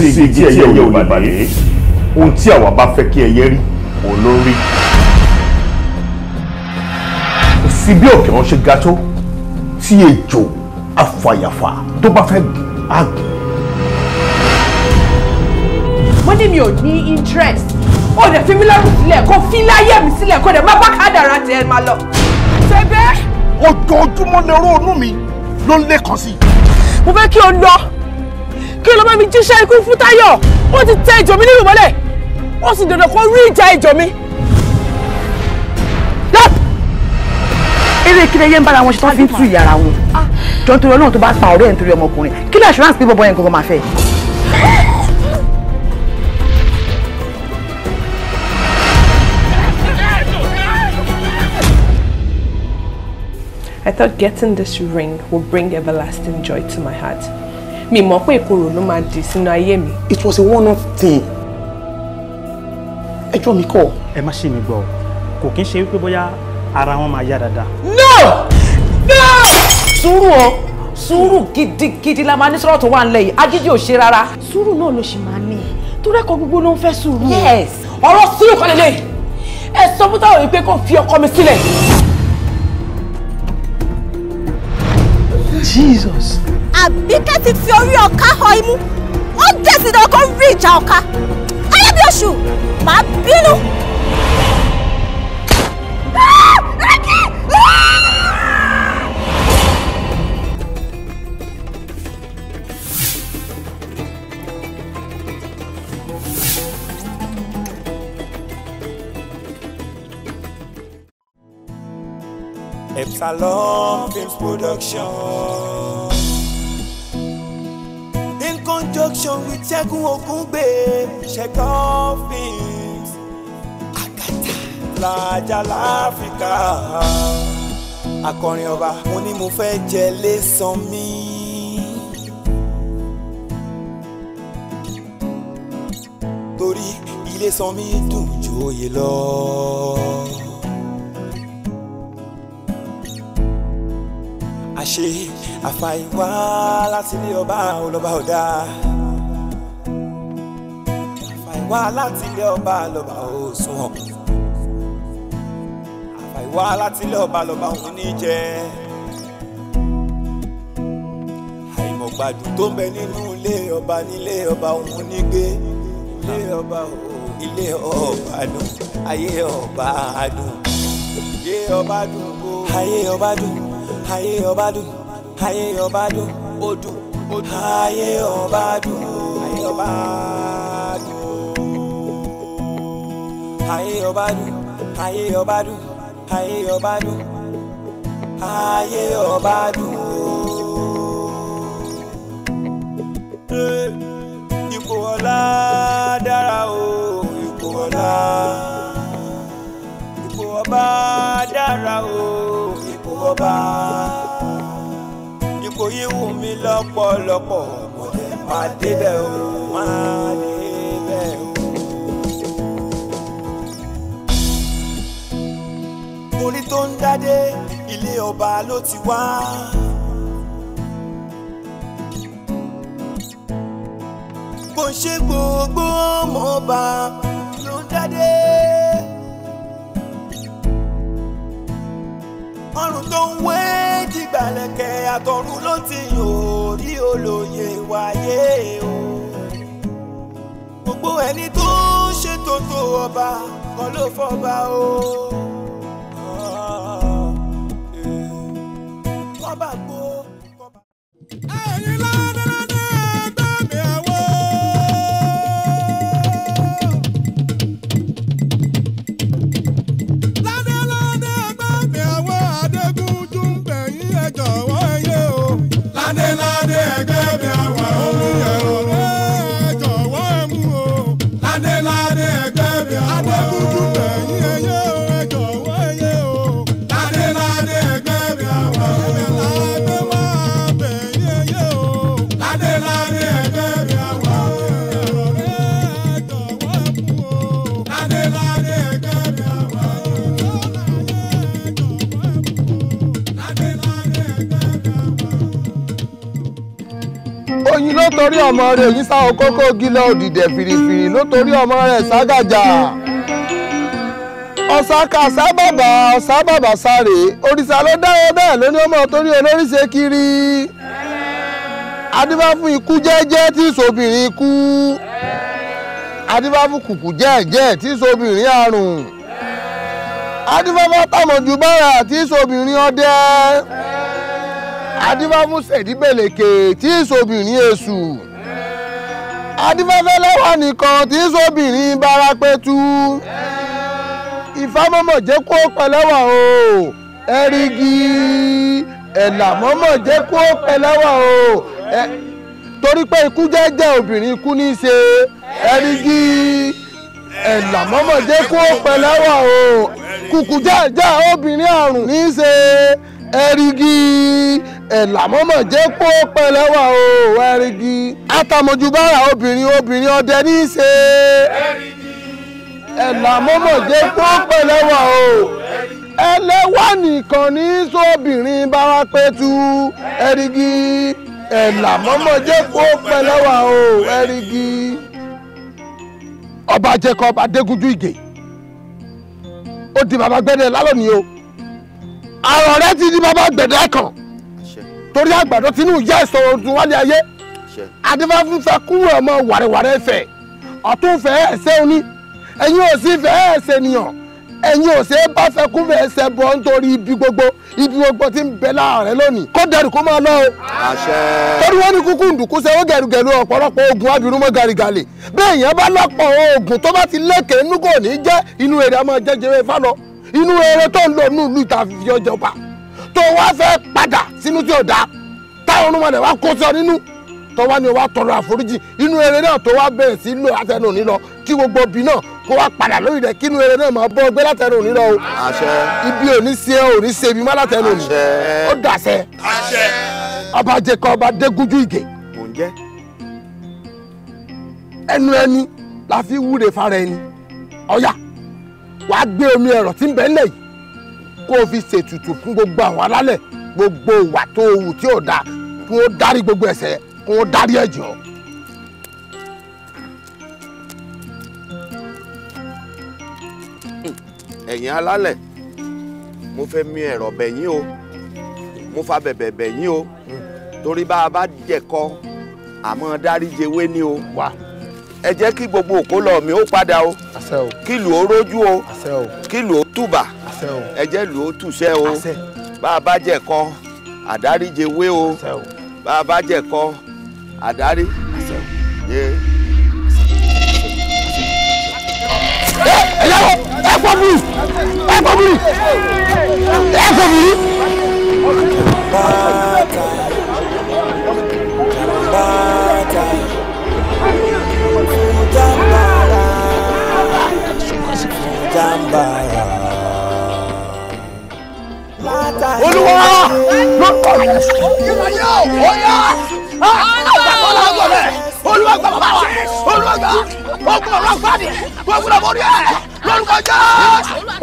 ṣe sí igi tí ẹyẹ ò lè bàdé ohun tí àwa bá fẹ́ kí ẹyẹ rí òun ló rí. kò sí bí òkè wọn ṣe ga tó tí ejò afàyàfà tó bá fẹ́ gùn wọ́n ní mi ò ní interest ó dẹ̀ fi mí lọ́rùn sílẹ̀ kó fi láyé mi sílẹ̀ kó dẹ̀ má bá kádàrá tiẹ̀ máa lọ. ṣẹ́gbẹ́. ojoojúmọ́ lè mi ló ń lé kan sí mo fẹ́ kí o lọ kí ló bá mi jíṣẹ́ ikú fún Táyọ̀ wọ́n ti tẹ ìjọ mi nínú ìmọ́lẹ̀ wọ́n sì dandan kó rí ìjà ìjọ mi. eré kílẹ̀ yẹn ń bára wọn ṣe tán fi ń tú ìyàrá wọn jọ nítorí ọlọ́run tó bá pa ọ̀rẹ́ ẹ̀ nítorí ọmọkùnrin kí lè assurance pé bọ́bọ́ yẹn gbogbo máa fẹ́. I thought getting this ring will bring everlasting joy to my heart mi mọ̀ pé ìkorò ló máa dì sínú ayé mi. it was a one off thing. ẹjọ́ mi kọ́. ẹ má ṣe mi gbọ́ kò kí n ṣe wípé bóyá ara wọn máa yá dáadáa. no no. sùúrù o sùúrù gidigidi la máa ní sọ́rọ̀ tó wà nílẹ̀ yìí agídí ò ṣe rárá. sùúrù náà ló ṣì máa ní torí ẹ̀kọ́ gbogbo ló ń fẹ́ sùúrù. yes ọ̀rọ̀ sùúrù kan lélẹ̀ ẹ sọ fún táwọn wípé kò fi ọkọ mi sílẹ̀. Jesus. Àbíkẹ́ ti fi orí ọ̀ka họ imú ó dé sí dandan kó rí ìjà ọ̀ka ayébíoṣù máa bínú. Epsilon Films Production. Conjunction junction with Ṣẹ́gun Ògúngbè ṣẹ̀kọ́ ọ́fíìs àgàtà làjà láfíríkà akọrin ọba mo ní mo fẹ́ jẹ lẹ́sàn mi. torí ilé san mi dùn ju oyè lọ. àṣé àfàìwá láti ilé ọba olọba ọ̀dà àfàìwá láti ilé ọba lọba òsùnwọ̀n àfàìwá láti ilé ọba lọba òun ní jẹ àìmọ̀gbàdùn tó ń bẹ nínú ilé ọba nílé ọba òun ní gbé ilé ọba òun ilé ọba dùn ayé ọba dùn ayé ọba dùn ayé ọba dùn ayé ọba dùn ayé ọba dùn ó dùn ó dùn ayé ọba dùn ayé ọba dùn ayé ọba dùn ayé ọba dùn ayé ọba dùn ayé ọba dùn. ipò ọlá dára o ipò ọlá ipò ọba dára o ipò ọba kò yé wù mí lọ́pọ̀lọpọ̀ kò lè má débẹ̀ o má débẹ̀ o. orí tó ń dádé ilé ọba ló ti wá. kò ṣe gbogbo mọ́ ló ń dádé. ọrùn tó ń wé dìgbàlẹ̀kẹ̀ àtọ̀run ló ti yòórí olóye wáyé o. gbogbo ẹni tó ṣètò tó ọba kan ló fọba o. kọ́ba gbó kọ́ba. ẹ̀yin lọ́dọ̀. ọmọ rẹ̀ yìí sá okókó gílẹ̀ òdìdẹ̀ fìrìfìrì ló torí ọmọ rẹ̀ ságàjà ọ̀sáka sábàbà sábàbà sáré òrìṣà ló dáwọ́ bẹ́ẹ̀ ló ní ọmọ torí olórí ṣe kiri adífá fún ikú jẹ́jẹ́ tí sobìnrin ikú adífá fún kùkù jẹ́ẹ̀jẹ́ tí sobìnrin àrùn adífá fún tàmọ̀jù bára tí sobìnrin ọdẹ adífá fún sẹ̀díbẹ̀lẹ̀kẹ̀ tí sobìnrin èṣù adífẹ́fẹ́lẹ́ wà nìkan tí í sóbìnrin bára pé tú ìfámọ́mọ̀ jẹ́ kó pẹ̀lẹ́wà o ẹ̀rígi ẹ̀làmọ́mọ̀ jẹ́ kó pẹ̀lẹ́wà o torí pé ikú jẹ́jẹ́ obìnrin ikú ní í ṣe ẹ̀rígi ẹ̀làmọ́mọ̀ jẹ́ kó pẹ̀lẹ́wà o kùkù jẹ́jẹ́ obìnrin àrùn ní í ṣe ẹ̀rígi. ẹ̀làmọ́mọ̀ jẹ́ kó pẹ̀lẹ́ o ẹ̀rìngì atamojubara obìnrin obìnrin ọdẹ ní í ṣe ẹ̀làmọ́mọ̀ jẹ́ kó o ẹlẹ́wà nìkan ní obìnrin bára ẹ̀rìngì ẹ̀làmọ́mọ̀ jẹ́ kó o ẹ̀rìngì ọba jẹ́kọ̀ adegunju Ige, ó di baba lálọ́ ni baba kan. torí àgbàdo tinú ìyá ìṣòro tún wálé ayé adífá fún fẹ́ kúrò ọmọ wàrẹ̀wàrẹ̀ fẹ̀ ọ̀tún fẹ́ ẹ̀ṣẹ̀ oní ẹ̀yin ò sí fẹ́ ẹ̀ṣẹ̀ nìyàn ẹ̀yin ò sí bá fẹ́ kú fẹ́ ẹ̀ṣẹ̀ bọ̀ nítorí ibi gbogbo ibi gbogbo ti ń bẹ láàrẹ̀ lónìí kó dẹrù kó máa lọ o. torí wọ́n ní kúkú ndùkú ṣe ó gẹ̀rùgẹ̀rù ọ̀pọ̀lọpọ̀ oògùn abirú mọ́ gàrìgàlè bẹ́ẹ̀ yẹn bá lọ́pọ̀ oògùn tó bá ti lékè inú kò ní jẹ́ inú èrè a máa jẹ́ inú èrè tó ń lò nínú ìlú ìta fi ọjọba tó wá fẹ́ padà sínú tí ò dá táwọn ọ̀nùmọ̀lẹ̀ wá kó sọ nínú tó wá ní o wá tọrọ àforíjì inú eré náà tó wá bẹ̀rẹ̀ sí lò látẹnu òní lọ kí gbogbo òbí náà kó wá padà lórí rẹ̀ kí inú eré náà máa bọ́ ọgbẹ́ látẹnu òní lọ o ibi òní ṣe é òní ṣe ibi má látẹnu òní ó dàṣẹ ọba jẹkọ ọba dégúnjú ìgè ẹnu ẹni la fi wúre fara ẹni ọ̀yà wàá gbé omi ẹ̀rọ tí ń bẹ ńlẹ̀ kó o fi ṣètùtù fún gbogbo àwọn alálẹ̀ gbogbo ìwà tó wù tí ò dáa kí wọ́n dárí gbogbo ẹ̀ṣẹ̀ kí wọ́n dárí ẹ̀jọ́. ẹ̀yin alálẹ̀ mo fẹ́ mi ẹ̀rọ̀ bẹ̀yìn o mo fa bẹ̀bẹ̀ bẹ̀yìn o torí bá a bá jẹ̀kọ àmọ́ dáríje ni o. wà ẹ jẹ́ kí gbogbo òkú lọ mi ó padà o kílù ó rójú o kílù ó túbà ẹjẹ́ lù ó túṣẹ́ o bá a bá jẹ̀ kọ́ àdáríje wé o bá a bá jẹ̀ kọ́ àdárí yé. ẹ yàrá ẹ pọ̀ mi ẹ pọ̀ mi ẹ pọ̀ mi. bàtà bàtà olúwa lórúkọ rẹ ìmọ̀ yóò ó yá àgbàgbọ́ la gbọ́ rẹ olúwa gba bàbá wa olúwa gba ogun ọ̀rọ̀ agbáni gbogbo ọ̀rọ̀ orí ẹ̀ lórúkọ jẹ́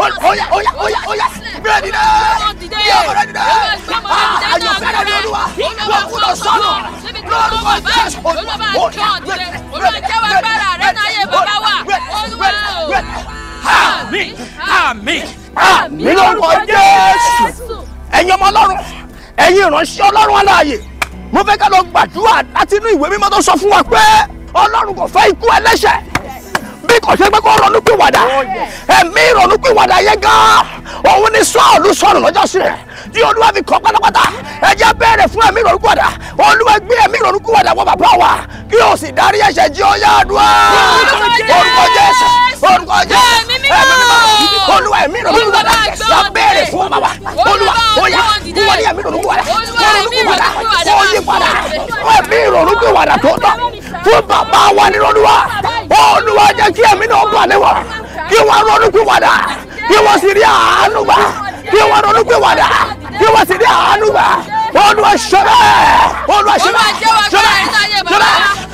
oya oya oya oya bẹ́ẹ̀ dìde bí ọmọ rẹ dìde àyànfẹ́ rẹ ni olúwa wọ́n kú lọ sọ́nà lórúkọ jẹ́ olúwa bẹ́ẹ̀ olúwa jẹ́ wàá gbára rẹ náà yẹ bàbá wa olúwa o. àmín àmín àmín lórúkọ Jésù ẹ̀yin ọmọ ọlọ́run ẹ̀yin ìránṣẹ́ ọlọ́run aláàyè mo fẹ́ ká lọ gbàdúrà látinú ìwé mímọ́ tó sọ fún wa pé ọlọ́run kò fẹ́ ikú ẹlẹ́ṣẹ̀ kò ṣe pé kó ronú pìwàdà ẹ̀mí ronú pìwàdà yẹn gan òun ni sọ́ọ̀lù sọnù lọ́jọ́ sí rẹ̀ tí olúwa fi kọ́ pátápátá ẹ jẹ́ bẹ̀rẹ̀ fún ẹ̀mí ronú pìwàdà olúwa gbé ẹ̀mí ronú pìwàdà wọ bàbá wa kí o sì darí ẹ̀ṣẹ̀ jí ó yáàdúrà orúkọ Jésù orúkọ Jésù ẹ̀mí mímọ́ olúwa ẹ̀mí ronú pìwàdà yà bẹ̀rẹ̀ fún bàbá olúwa bóyá wọ́n ní ẹ̀mí ronú pìwàdà wọ́n ronú pìwàdà olúwa jẹ́ kí ẹ̀mí náà bà níwọ̀ kí wọ́n ronú pé wàdà kí wọ́n sì rí àánú gbà kí wọ́n ronú pé wàdà kí wọ́n sì rí àánú gbà olúwa ṣe bẹ́ẹ̀ olúwa ṣe bẹ́ẹ̀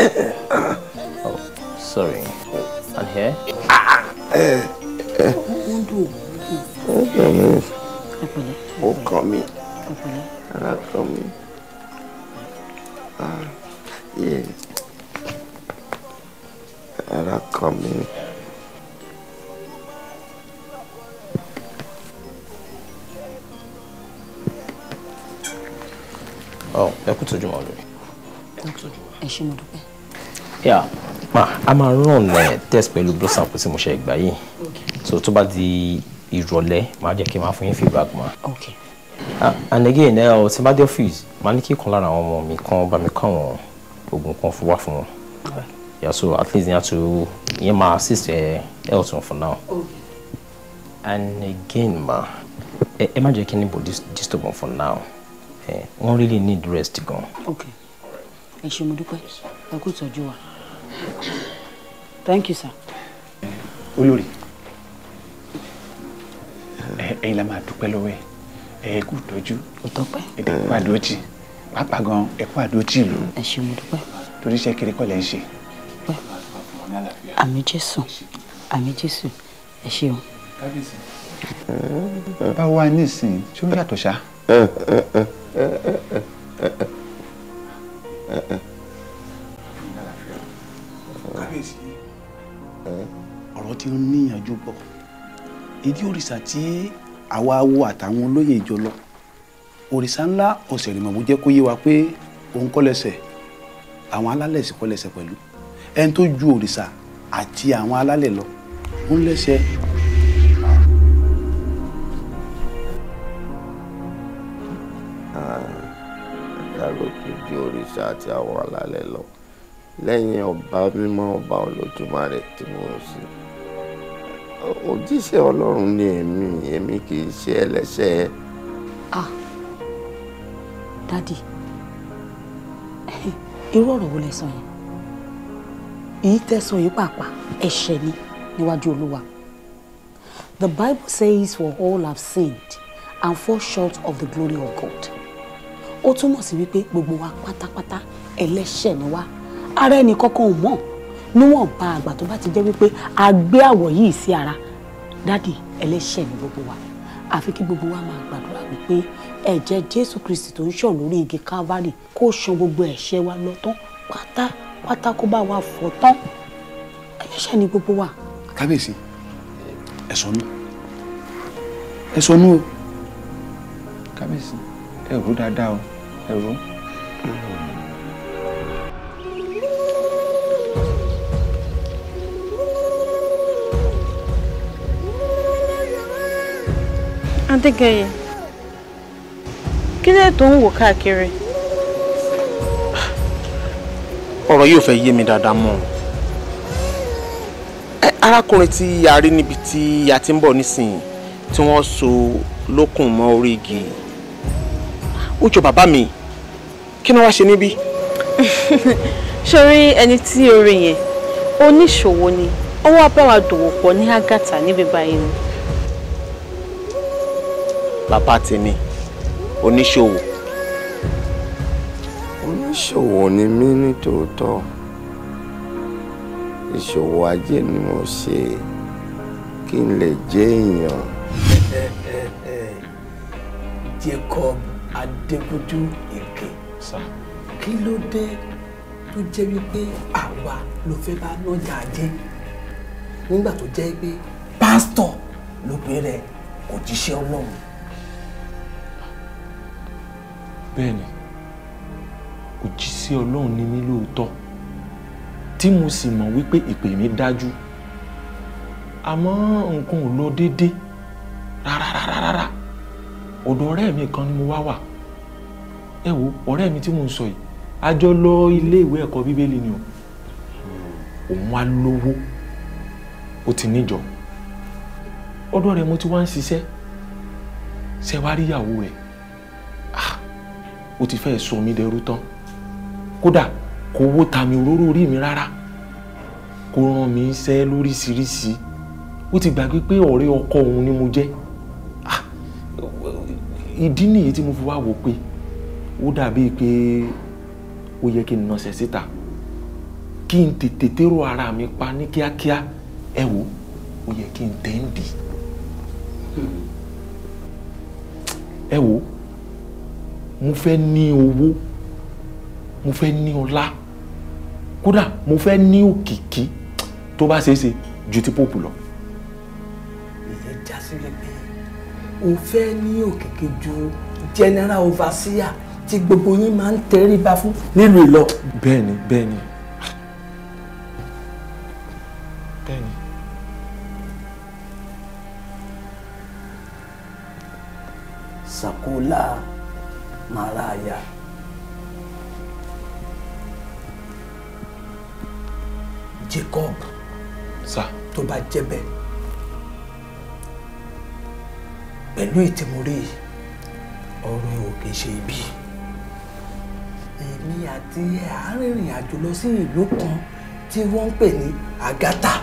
oh, sorry. And here? Ó oh, come here. Ara kàn mí. Ara kàn Oh, Ọ̀ ẹ Oh, tójúmọ́ lórí. Ẹ ṣé mo dúpẹ́ yeah. ma a máa ràn ẹ test pẹ̀lú blood sample tí mo ṣe gbà yìí so tó bá di ìrọ̀lẹ́ máa jẹ́ kí n máa fún yín feedback ma. okay. Uh, and again ẹ ọ tí n bá dé ọ́fíìsì máa ní kí kan lára àwọn ọmọ mi kan bá mi kọ́ àwọn oògùn kan fún fún wọn yeah so at least yẹn to yẹn máa assist ẹ health wọn for now okay. and again ma ẹ ẹ má jẹ́ kí anybody disturb for now ẹ wọ́n really need rest gan. ok ẹ ṣé mo dúpẹ́ ẹ kú ìtọ́jú wa thank you sir. olórí ẹ̀yin la máa dúpẹ́ lọ́wọ́ ẹ ẹ kú tọ́jú ẹ̀dẹ̀ kú àdójì pàápàá gan ẹ kú àdójì ìlú. ẹ ṣé mo dúpẹ́. torí iṣẹ́ kiri kọ́ lẹ́ ń ṣe. àmì jésù àmì jésù ẹ ṣeun. bá wa nísìn ṣé ó yàtọ̀ ṣá. tí ó níyànjú bọ̀ ìdí òrìṣà tí àwa awo àtàwọn olóyè ìjọ lọ òrìṣà ńlá ọ̀sẹ̀ ìrìnàmù jẹ́ kó yé wa pé òun kọ́lẹ́sẹ̀ àwọn alálẹ̀ sì kọ́lẹ́sẹ̀ pẹ̀lú ẹni tó ju òrìṣà àti àwọn alálẹ̀ lọ ń lẹ́sẹ̀. òrìṣà àti àwọn alálẹ̀ lọ lẹ́yìn ọba mímọ́ ọba olódùmarè tí mo ń òjíṣẹ́ ọlọ́run ni èmi èmi kì í ṣe ẹlẹ́ṣẹ̀. ah dadi irú ọ̀rọ̀ wo lẹ sọ yẹn èyí tẹ sọ yìí pàápàá ẹ̀ṣẹ̀ ni níwájú olúwa the bible says for all have sinned and fall short of the glory of god ó túmọ̀ sí wípé gbogbo wa pátápátá ẹlẹ́ṣẹ̀ ni wá ara ẹnì kankan ò mọ̀ níwọ̀n bá àgbà tó bá ti jẹ́ wípé a gbé àwọ̀ yìí sí ara dádì ẹlẹ́ṣẹ̀ ní gbogbo wa àfi kí gbogbo wa máa gbàdúrà wípé ẹ̀jẹ̀ jésù kristi tó ń ṣàn lórí igi calvary kó ṣan gbogbo ẹ̀ṣẹ̀ wa lọ tán pátápátá kó bá wa fọ̀ tán ẹlẹ́ṣẹ̀ ní gbogbo wa. kábíyèsí ẹ sọnù ẹ sọnù o kábíyèsí ẹ rò dáadáa o ẹ rò. Adégẹyẹ, kí lẹ́ tó ń wò káàkiri? Ọ̀rọ̀ yóò fẹ́ yé mi dáadáa mọ́. Arákùnrin tí a rí níbi tí a ti ń bọ̀ nísìnyí tí wọ́n so lókùn mọ́ orí igi. Ó jọ bàbá mi, kí ni wọ́n ṣe níbí? Ṣorí ẹni tí orin yẹn, oníṣòwò ni, ó wá bá wa dòwò pọ̀ ní Agatha níbi báyìí ni bàbá tèmi oníṣòwò. oníṣòwò ni mí ní tòótọ́ ìṣòwò ajé ni mo ṣe kí n lè jẹ́ èèyàn. Jacob Adékúnjú Èké kí ló dé tó jẹ́ wípé àwa ló fẹ́ bá lọ́jà ajé nígbà tó jẹ́ pé pásítọ̀ ló pè rẹ̀ kò jíṣẹ́ Ọlọ́run bẹ́ẹ̀ ni òjíṣẹ́ ọlọ́run ni mí lóòótọ́ tí mo sì mọ̀ wípé ìpè mi dájú àmọ́ nǹkan ò lọ déédéé rárárárá ọ̀dọ̀ ọ̀rẹ́ mi kan ni mo wá wà ẹ wo ọ̀rẹ́ mi tí mo ń sọ yìí a jọ lọ ilé ìwé ẹ̀kọ́ bíbélì ni o òun wá lówó ó ti níjọ ọ̀dọ̀ rẹ̀ mo ti wá ń ṣiṣẹ́ ṣe wá ríyàwó rẹ̀ ó ti fẹ́ sọ mí dẹrú tán kódà kò wó ta mi òróró orí mi rárá kò ràn mí iṣẹ́ lóríṣiríṣi ó ti gbàgbé pé ọ̀rẹ́ ọkọ òun ni mo jẹ́ ah, ìdí nìyí tí mo fi wá wò pé ó dàbí pé ó yẹ kí n nọsẹ̀ síta kí n tètè tèrò ara mi pa ní kíákíá ẹ wò ó yẹ kí n tẹ́ ń dì hmm. ẹ wò mo fẹ́ ní owó mo fẹ́ ní ọlá kódà mo fẹ́ ní òkìkí tó bá ṣeé ṣe ju ti pope lọ. ìyẹn já sílẹ̀ pé o fẹ́ ní òkìkí ju general overseer tí gbogbo yín máa ń tẹríba fún nílùú ìlọ. bẹ́ẹ̀ni bẹ́ẹ̀ni bẹ́ẹ̀ni. Sakola malaya. Jacob. Sá. Tó bá jẹ́ bẹ́ẹ̀. Pẹ̀lú ìtìmúrí ọ̀rọ̀ ẹ̀ ò kì í ṣe ibi. Èmi àti ẹ̀ á rìnrìn àjò lọ sí ìlú kan tí wọ́n ń pè ní Agatha.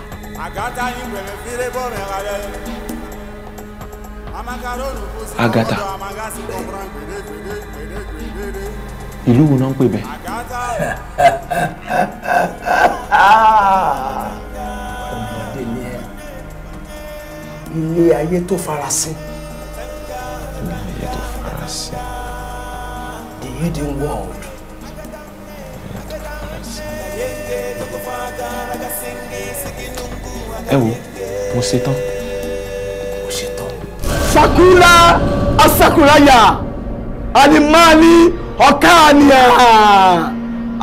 Agatha ni wẹ̀rẹ̀ fírébọ̀ rẹ̀ Agata, ìlú wo náà ń pè bẹ́ẹ̀. ọmọdé ni ẹ ilé ayé tó farasin. ilé ayé tó farasin. the hidden world. ẹ wo mo ṣe tán asakula asakulaya, alimani ọkaania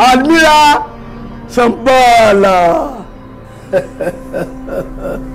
almira ah, sambala.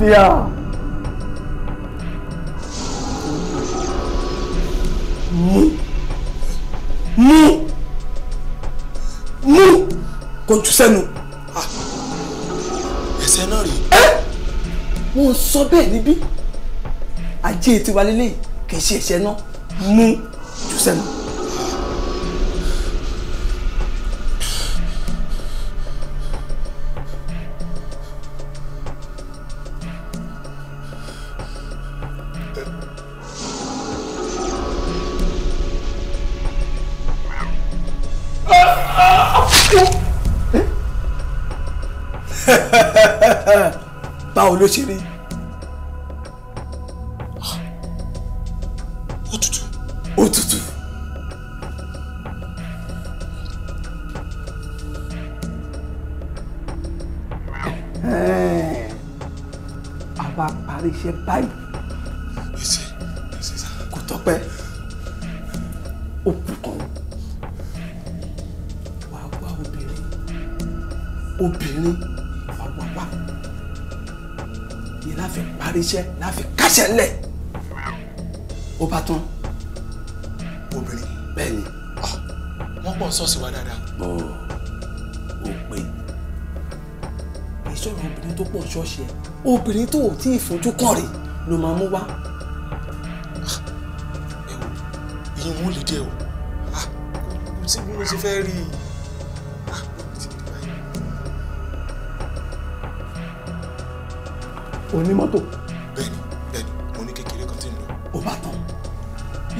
àlàáfíà. mú mú mú kò jù ah, ẹsẹ̀ náà rèé. ẹ wọ́n sọ bẹ́ẹ̀ níbí ajé tiwa lélẹ́yìí kì í ṣe ẹ̀ṣẹ̀ náà mú jù sẹ́nu. báwo ló ṣe òtútù òtútù. àwa parí iṣẹ́ báyìí ríṣẹ́ la fi kásẹ̀ ńlẹ̀ ó bá tán obìnrin bẹ́ẹ̀ ni. Ah, wọ́n pọ̀ sọ́ọ̀sì wa dáadáa. bọ́ ò pé ìṣòro obìnrin tó pọ̀ ṣọ́ọ̀ṣì ẹ̀ obìnrin tó ò tí ì fojú kàn rè ló máa mú wá. Ah, ẹ wo ìyẹn wọn lè dé o ah, kò sí bí mo ṣe fẹ́ rí i. onímọ́tò.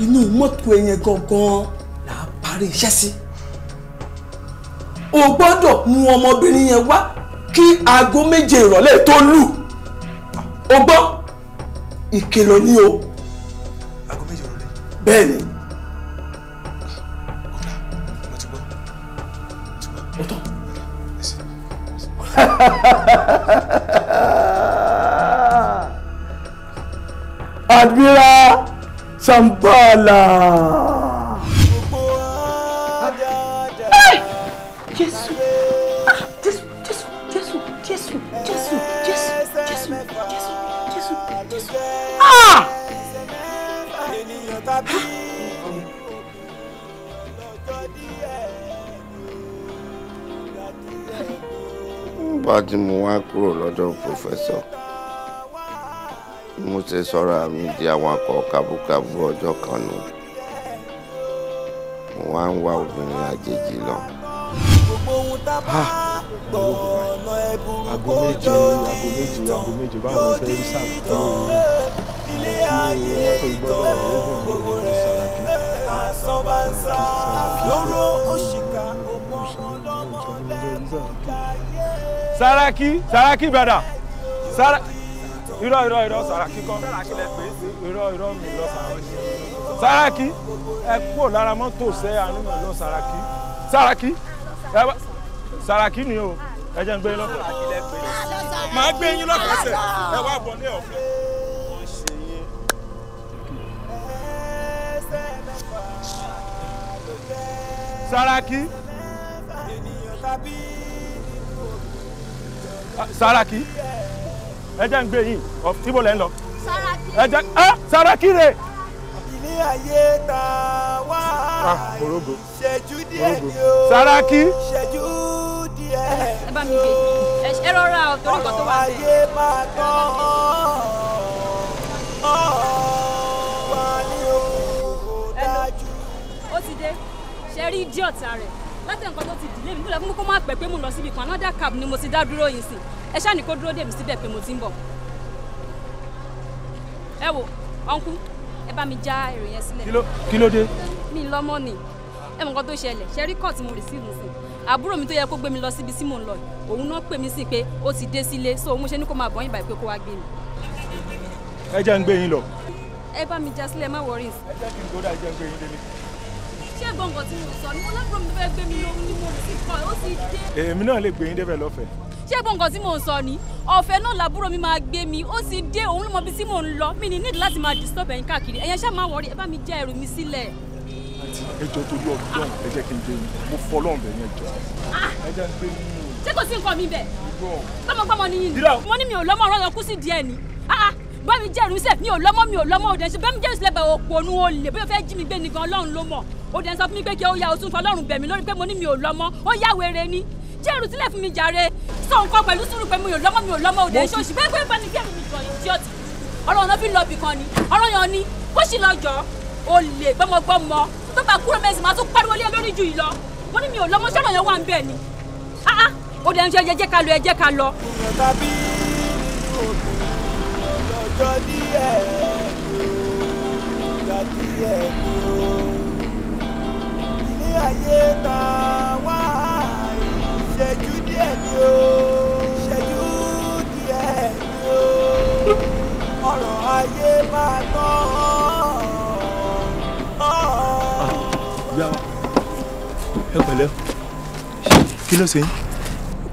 inú mọ́tò ẹ̀yẹn gangan là á parí iṣẹ́ sí. o gbọ́dọ̀ mú ọmọbìnrin yẹn wá kí aago méje ìrọ̀lẹ́ tó lù. o gbọ́ ìkìlọ̀ ni o. àlà. jésù jésù jésù jésù jésù jésù jésù jésù jésù jésù jésù. nígbà ah! tí mo wá kúrò lọ́dọ̀ pòfẹ́sọ̀ mo ṣe sọ́ra mi di awakọ̀ kábúkábú ọjọ́ kan nù mo wá ń wá obìnrin àjèjì lọ. gbogbo ohun tá a bá gbọ́ ọ̀nà ẹ̀bùrú kò tó ní tán tó ní ilé ayé tó gbogbo rẹ̀ àsọ̀bàṣà lóró òṣìkà ọmọ ọlọ́mọ lẹ́nu káyé. Saraki Saraki brother Saraki irọ́ irọ́ irọ́ Sàràkí kọ́ irọ́ irọ́ mi lọ Sàràkí Sàràkí ẹ kúrò lára mọ́tò sẹ́ àánú mi lọ Sàràkí Sàràkí Sàràkí ni o ẹ jẹ́ ń gbé lọ́kọ̀ máa gbé yín lọ́kọ̀ sẹ̀ ẹ wá bọ̀ ní ọ̀fẹ́. Sàràkí. Sàràkí ẹ ń gbé yìí ibo lẹ́ ń lọ. Saraki. ẹ jẹ́ ẹ ah, ilé ayé ta wá. Ah, ṣẹ́jú díẹ̀ ni o. Saraki. ṣẹ́jú díẹ̀ ni o. ẹ rọra o tó wà bẹ́ẹ̀. ọ̀rọ̀ ayé máa tán wà ní òun dájú. ó ti dé ṣe rí díọ̀tà rẹ̀ látẹ̀ nǹkan tó ti dìlé mi kúlẹ̀ fún kó má pẹ́ pé mo lọ síbi kan another cab ni mo ti dá dúró yìí sìn ẹ ṣáà ní kó dúró dè mí síbẹ̀ pé mo ti ń bọ̀. ẹ wo ọ̀nkú ẹ bá mi já èrò yẹn sílẹ̀. kí ló dé. mi lọ́mọ ni ẹ mọ̀ nǹkan tó ṣẹlẹ̀ ṣe rí kọ́ọ̀tì mo receive sìn àbúrò mi tó yẹ kó gbé mi lọ síbi tí mò ń lọ òun náà pè mí sí pé ó ti dé sílé so òun ṣe ní kó máa bọ̀ yín báyìí pé kó wá gbé mi. ẹ jẹ́ ń gbé yín lọ. ẹ bá mi já sílẹ̀ má wọrí. ẹ jẹ́ kí n gbódà ẹ jẹ́ ń gbé yín délé ṣé gbọ̀ngàn tí mo sọ ni mo lábúrò mi tó fẹ́ gbé mi lóhun ni mo ti kọ́ ó ti dé. èmi náà lè gbé yín débẹ̀ lọ́fẹ̀ẹ́. ṣé gbọ̀ngàn tí mo sọ ni ọ̀fẹ́ náà làbúrò mi máa gbé mi ó ti dé òun ló mọ ibi tí mò ń lọ mi ní nídìí láti máa disturb ẹ̀yin káàkiri ẹ̀yin ṣáà máa wọrí ẹ bá mi já ẹrù mi sílẹ̀. ẹjọ́ torí ọdún ẹ jẹ́ kí n gbé mi mo fọ́ lọ́ọ̀bẹ̀ yẹn jọ ẹ jẹ́ n gbé mi ṣé kò sí nǹkan mi bẹ̀. gbọ́mọgbọ́mọ ni yìí mo ní bá mi jẹ́ ìrúsẹ̀ mi ò lọ́mọ mi ò lọ́mọ òde ṣe bẹ́ẹ̀ mi jẹ́ ìrúsẹ̀ bẹ́ẹ̀ òpó nu olè bóyá fẹ́ jí mi gbé nìkan ọlọ́run ló mọ̀ òde sọ fún mi pé kí ó ya oṣù fún ọlọ́run bẹ̀mí lórí pé mo ní mi ò lọ́mọ ó yá wèrè ni jẹ́ ìrúsílẹ̀ fún mi jàre sọ nǹkan pẹ̀lú sùúrù pé mi ò lọ́mọ mi ò lọ́mọ òde ṣe òṣì bẹ́ẹ̀ bá mi jẹ́ mi jọ idiot ọ̀rọ̀ ni ọ̀rọ̀ yẹn ni bó ṣì lọ jọ olè gbọmọgbọmọ tó bá kúrò mẹ́sìn ni jọ díẹ̀ jọ díẹ̀ ni o ilé ayé kí ló ṣe yín.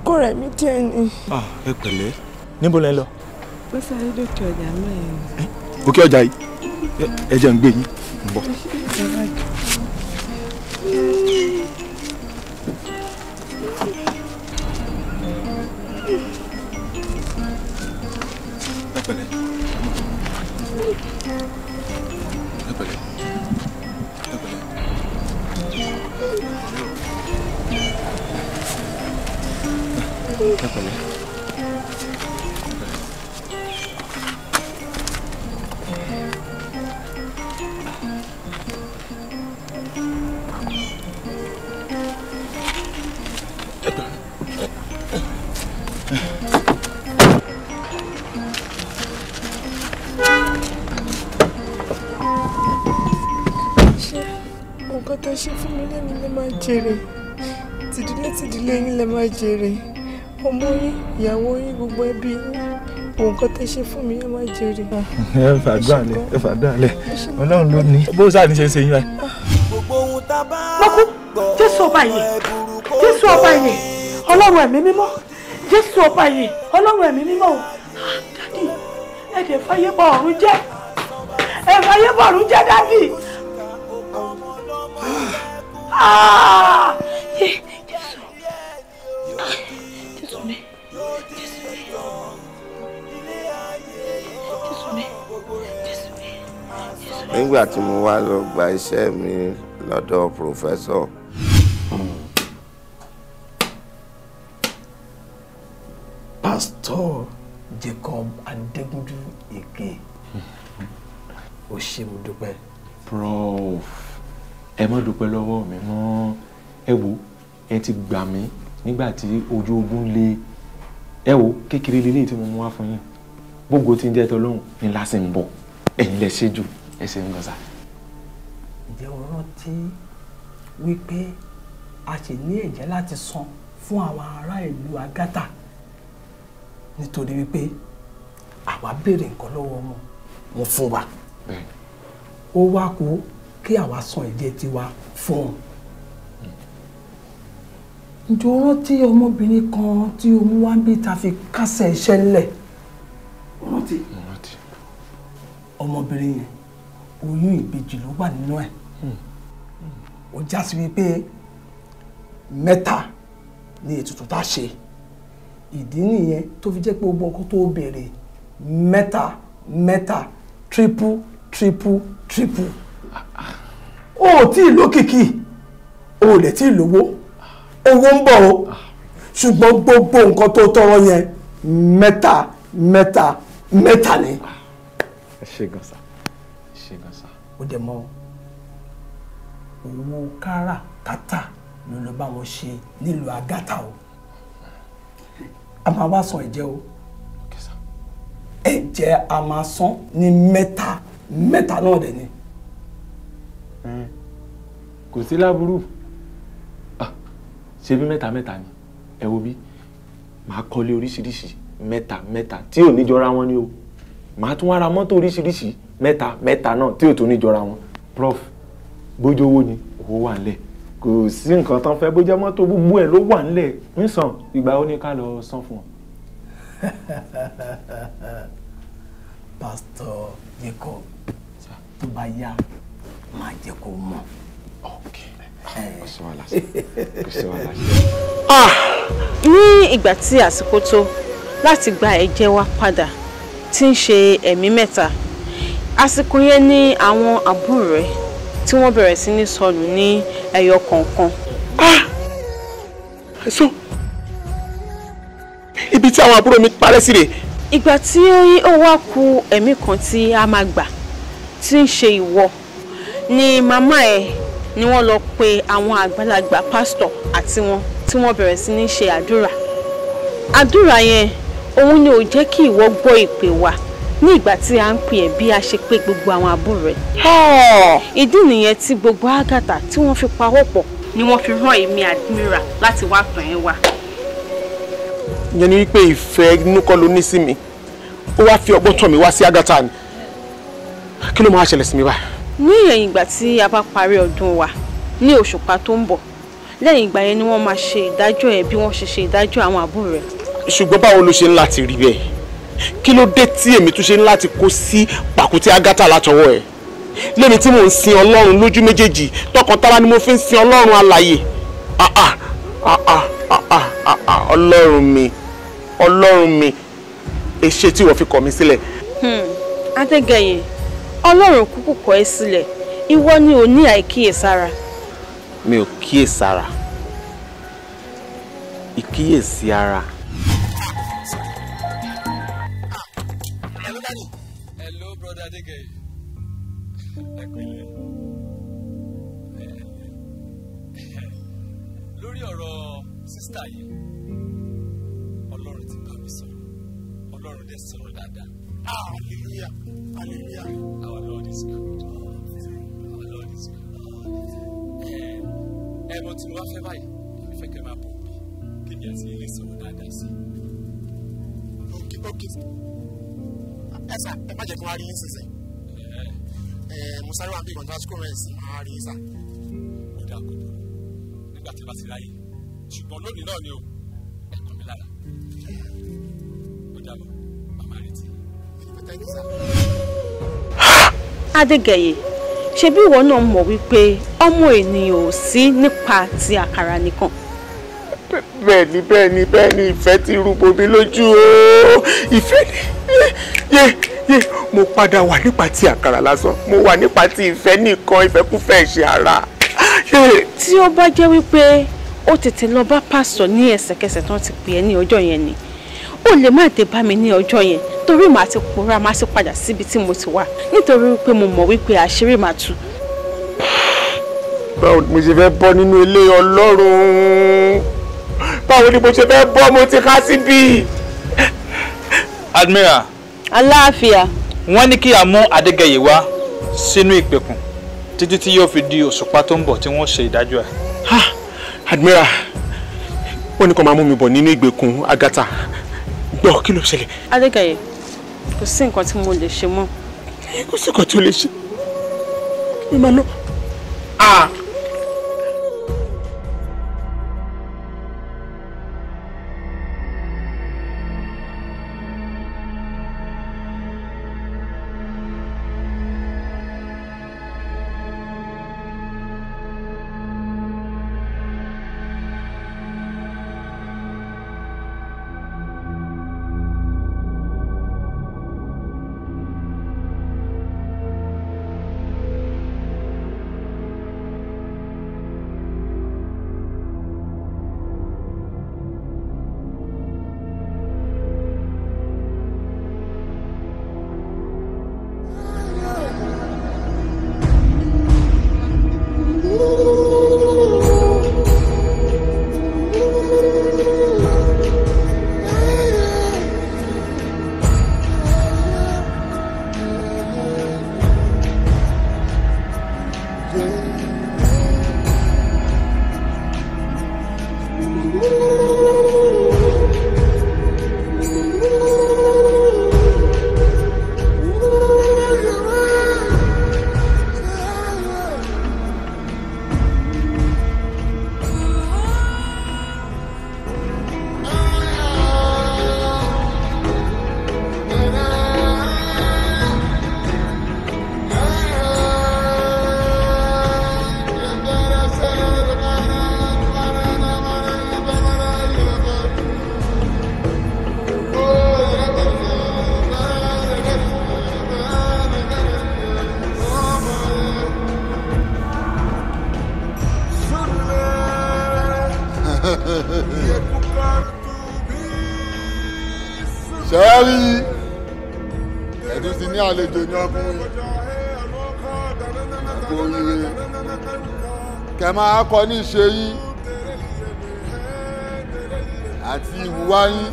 kọ́rẹ́ mi tiẹ̀ ni. Ah, ẹ pẹ̀lẹ́ níbo lẹ lọ. Okay, sáré dókè ọjà mẹ́rin. òkè eh, ọjà yìí ṣe fún mi lẹ́mi lẹ́ máa jèrè tìdílé tìdílé yín lẹ́ máa jèrè ọmọ yín ìyàwó yín gbogbo ẹbí òun kan tẹ́ ṣe fún mi ẹ máa jèrè. ẹ fàdúrà lẹ ẹ fàdúrà lẹ ọlọ́run ló ní bó sáà ní ṣe ń ṣe yín báyìí. lọ́kù jésù ọba yìí jésù ọba yìí ọlọ́run ẹ̀mí mímọ́ jésù ọba yìí ọlọ́run ẹ̀mí mímọ́ o ah, dádì ẹ dẹ̀ ọ̀run jẹ́ ẹ ọ̀run jẹ́ dádì. Jésù Jésù mi Jésù mi Jésù mi Jésù mi. nígbà tí mo wá lọ gba iṣẹ́ mi lọ́dọ̀ pòfẹ́sọ̀. Pastor Jacob Adegunju Ege, ó ṣé mo dúpẹ́. Prof ẹ má dúpẹ́ lọ́wọ́ mi mọ́ ẹ wo ẹ ti gbà mí nígbà tí ojú ogun le ẹ wo kékeré lélẹ̀ tí mo mú wá fún yín gbogbo tí ń jẹ́ tọ́lọ́hún ni lásì ń bọ̀ ẹ̀yin lẹ ṣe jù ẹ ń gbọ̀nsà. ǹjẹ́ o rántí wípé a sì ní ẹ̀jẹ́ láti san fún àwọn ará ìlú Agatha nítorí wípé àwa béèrè nǹkan lọ́wọ́ wọn wọn fún wa ó wá kó kí àwa san ẹ̀jẹ̀ tiwa fún un. ǹjọ́ rántí ọmọbìnrin kan tí o mú wá ń bí ta fi kásẹ̀ iṣẹ́ ńlẹ̀ rántí ọmọbìnrin yẹn oyún ìbejì ló wà nínú ẹ̀ hmm. ó já sí wípé mẹ́ta ni ètùtù tá a ṣe ìdí nìyẹn tó fi jẹ́ pé gbogbo ọkọ tó béèrè mẹ́ta mẹ́ta triple triple triple o ti tí ì lókìkí o ò lè tí ì lówó owó ń bọ̀ o ṣùgbọ́n gbogbo nǹkan tó tọrọ yẹn mẹ́ta mẹ́ta mẹ́ta ni. ẹ ṣe gan sa ẹ ṣe gan sa. ó dẹ̀ mọ́ owó káràkátà ló lọ bá wọn ṣe nílùú àgàtà o a máa wá san ẹ̀jẹ̀ o ẹ̀jẹ̀ a máa san ní mẹ́ta mẹ́ta náà dẹ̀ ni kò sí láburú ah, ṣe bí mẹ́ta mẹ́ta ni ẹ wo bí màá kọ́lé oríṣiríṣi mẹ́ta mẹ́ta tí ò ní jọra wọn ni o màá tún wá ra mọ́tò oríṣiríṣi mẹ́ta mẹ́ta náà tí ò tún ní jọra wọn prof bójú owó ni owó wà nílẹ̀ kò sí nǹkan tán fẹ́ bójú mọ́tò gbogbo ẹ̀ ló wà nílẹ̀ ń sàn ìgbà ó ní ká lọ san fún ọ. pásítọ̀ Jacob tó bá yá máa jẹ́ kó mọ̀. Ah! ní ìgbà tí àsìkò tó láti gba ẹ̀jẹ̀ wa padà tí ń ṣe ẹ̀mí mẹ́ta àsìkò yẹn ni àwọn àbúrò rẹ̀ tí wọ́n bẹ̀rẹ̀ sí ní sọnù ní ẹyọ kọ̀ọ̀kan. Ah! so ibi tí àwọn àbúrò mi parẹ́ sí rè. ìgbà tí ó wá ku ẹ̀mí kan tí a máa gbà tí ń ṣe ìwọ ni màmá ẹ̀ ni wọ́n lọ pe àwọn àgbàlagbà pastor, àti wọn tí wọ́n bẹ̀rẹ̀ sí ní ṣe àdúrà àdúrà yẹn òun ni ò jẹ́ kí ìwọ gbọ́ ìpè wa ní ìgbà tí a ń pè ẹ́ bí a ṣe pé gbogbo àwọn àbúrò rẹ̀. ìdí nìyẹn tí gbogbo Agatha tí wọ́n fi pawọ́ pọ̀ ni wọ́n fi rán èmi Admiral láti wá pè é wá. ìyẹn ni wípé ìfẹ́ inú kọ́ ló ní sí mi ó wáá fi ọgbọ́n tàn mí wá sí Agatha ni kí ló máa ṣẹlẹ̀ sí mi báyìí ní ìyẹ̀yìn ìgbà tí a bá parí ọdún wa ní òṣùpá tó ń bọ̀ lẹ́yìn ìgbà yẹn ni wọ́n máa ṣe ìdájọ́ ẹ̀ bí wọ́n ṣe ṣe ìdájọ́ àwọn àbúrò rẹ̀. ṣùgbọ́n báwo ló ṣe ń láti rí bẹ́ẹ̀ kí ló dé tí èmi tún ṣe ń láti kó sí pàkúté Agatha látọwọ́ ẹ̀ lẹ́mi tí mò ń sin Ọlọ́run lójú méjèèjì tọkàntara ni mo fi ń sin Ọlọ́run alààyè ah, ah, ah, Ọlọ́run mi Ọlọ́run mi èṣe tí wọ́n fi kọ̀ mí sílẹ̀. Hmm, adégẹyìn ọlọ́run kúkú kọ ẹ́ sílẹ̀ ìwọ ni ò ní àìkíyèsára. mi ò kíyèsára ìkíyèsí ara. tí mo bá fẹ́ báyìí èmi fẹ́ kẹ́ máa bọ̀ mí kébi àti ilé sọ̀rọ̀ dáadáa sí i. ókè ẹ sà ẹ má jẹ́ kí wọ́n á rí yín sísè mo sáré wa bí ìgbọ̀n tó bá sukùn rẹ̀ sí máa rí yín sà. ó dáa kó burú nígbà tí a bá ti ráyè ṣùgbọ́n lónìí náà ni o ẹ kàn mí lára ó dáa mọ́ màmá retí. Adégẹ̀yẹ ṣebí ìwọ náà mọ̀ wípé ọmọ ènìyàn ò sí nípa ti àkàrà nìkan bẹ́ẹ̀ni bẹ́ẹ̀ni bẹ́ẹ̀ni ìfẹ́ ti rúbọ mi lójú o ìfẹ́ ni yé yé mo padà wà nípa ti àkàrà lásán mo wà nípa ti ìfẹ́ nìkan ìfẹ́kúfẹ́ ìṣe ara. tí ó bá jẹ́ wípé ó tètè lọ bá pásítọ̀ ní ẹsẹ̀kẹsẹ̀ tí wọ́n ti pè é ní ọjọ́ yẹn ni ó lè má dé bá mi ní ọjọ́ yẹn torí màá ti pòórá màá sì padà síbi tí mo ti wà nítorí wípé mo mọ̀ wípé àṣírí màá tú báwo ni mo ṣe fẹ́ bọ́ nínú ilé ọlọ́run báwo ni mo ṣe fẹ́ bọ́ mo ti há síbí. admiral. aláàfíà. wọ́n ní kí a mú adégẹyè wá sínú ìpẹ̀kùn títí tí yóò fi di òṣùpá tó ń bọ̀ tí wọ́n ṣe ìdájọ́ ẹ̀. admiral wọ́n ní kó máa mú mi bọ̀ nínú ìgbèkùn agata gbọ́ kí ló ṣẹlẹ̀. adégẹyè kò sí nǹkan tí mo lè ṣe mọ́. kò sí nǹkan tí o lè ṣe kí n máa lọ. ah orúkọ ní ìṣe yín àti ìhùwà yín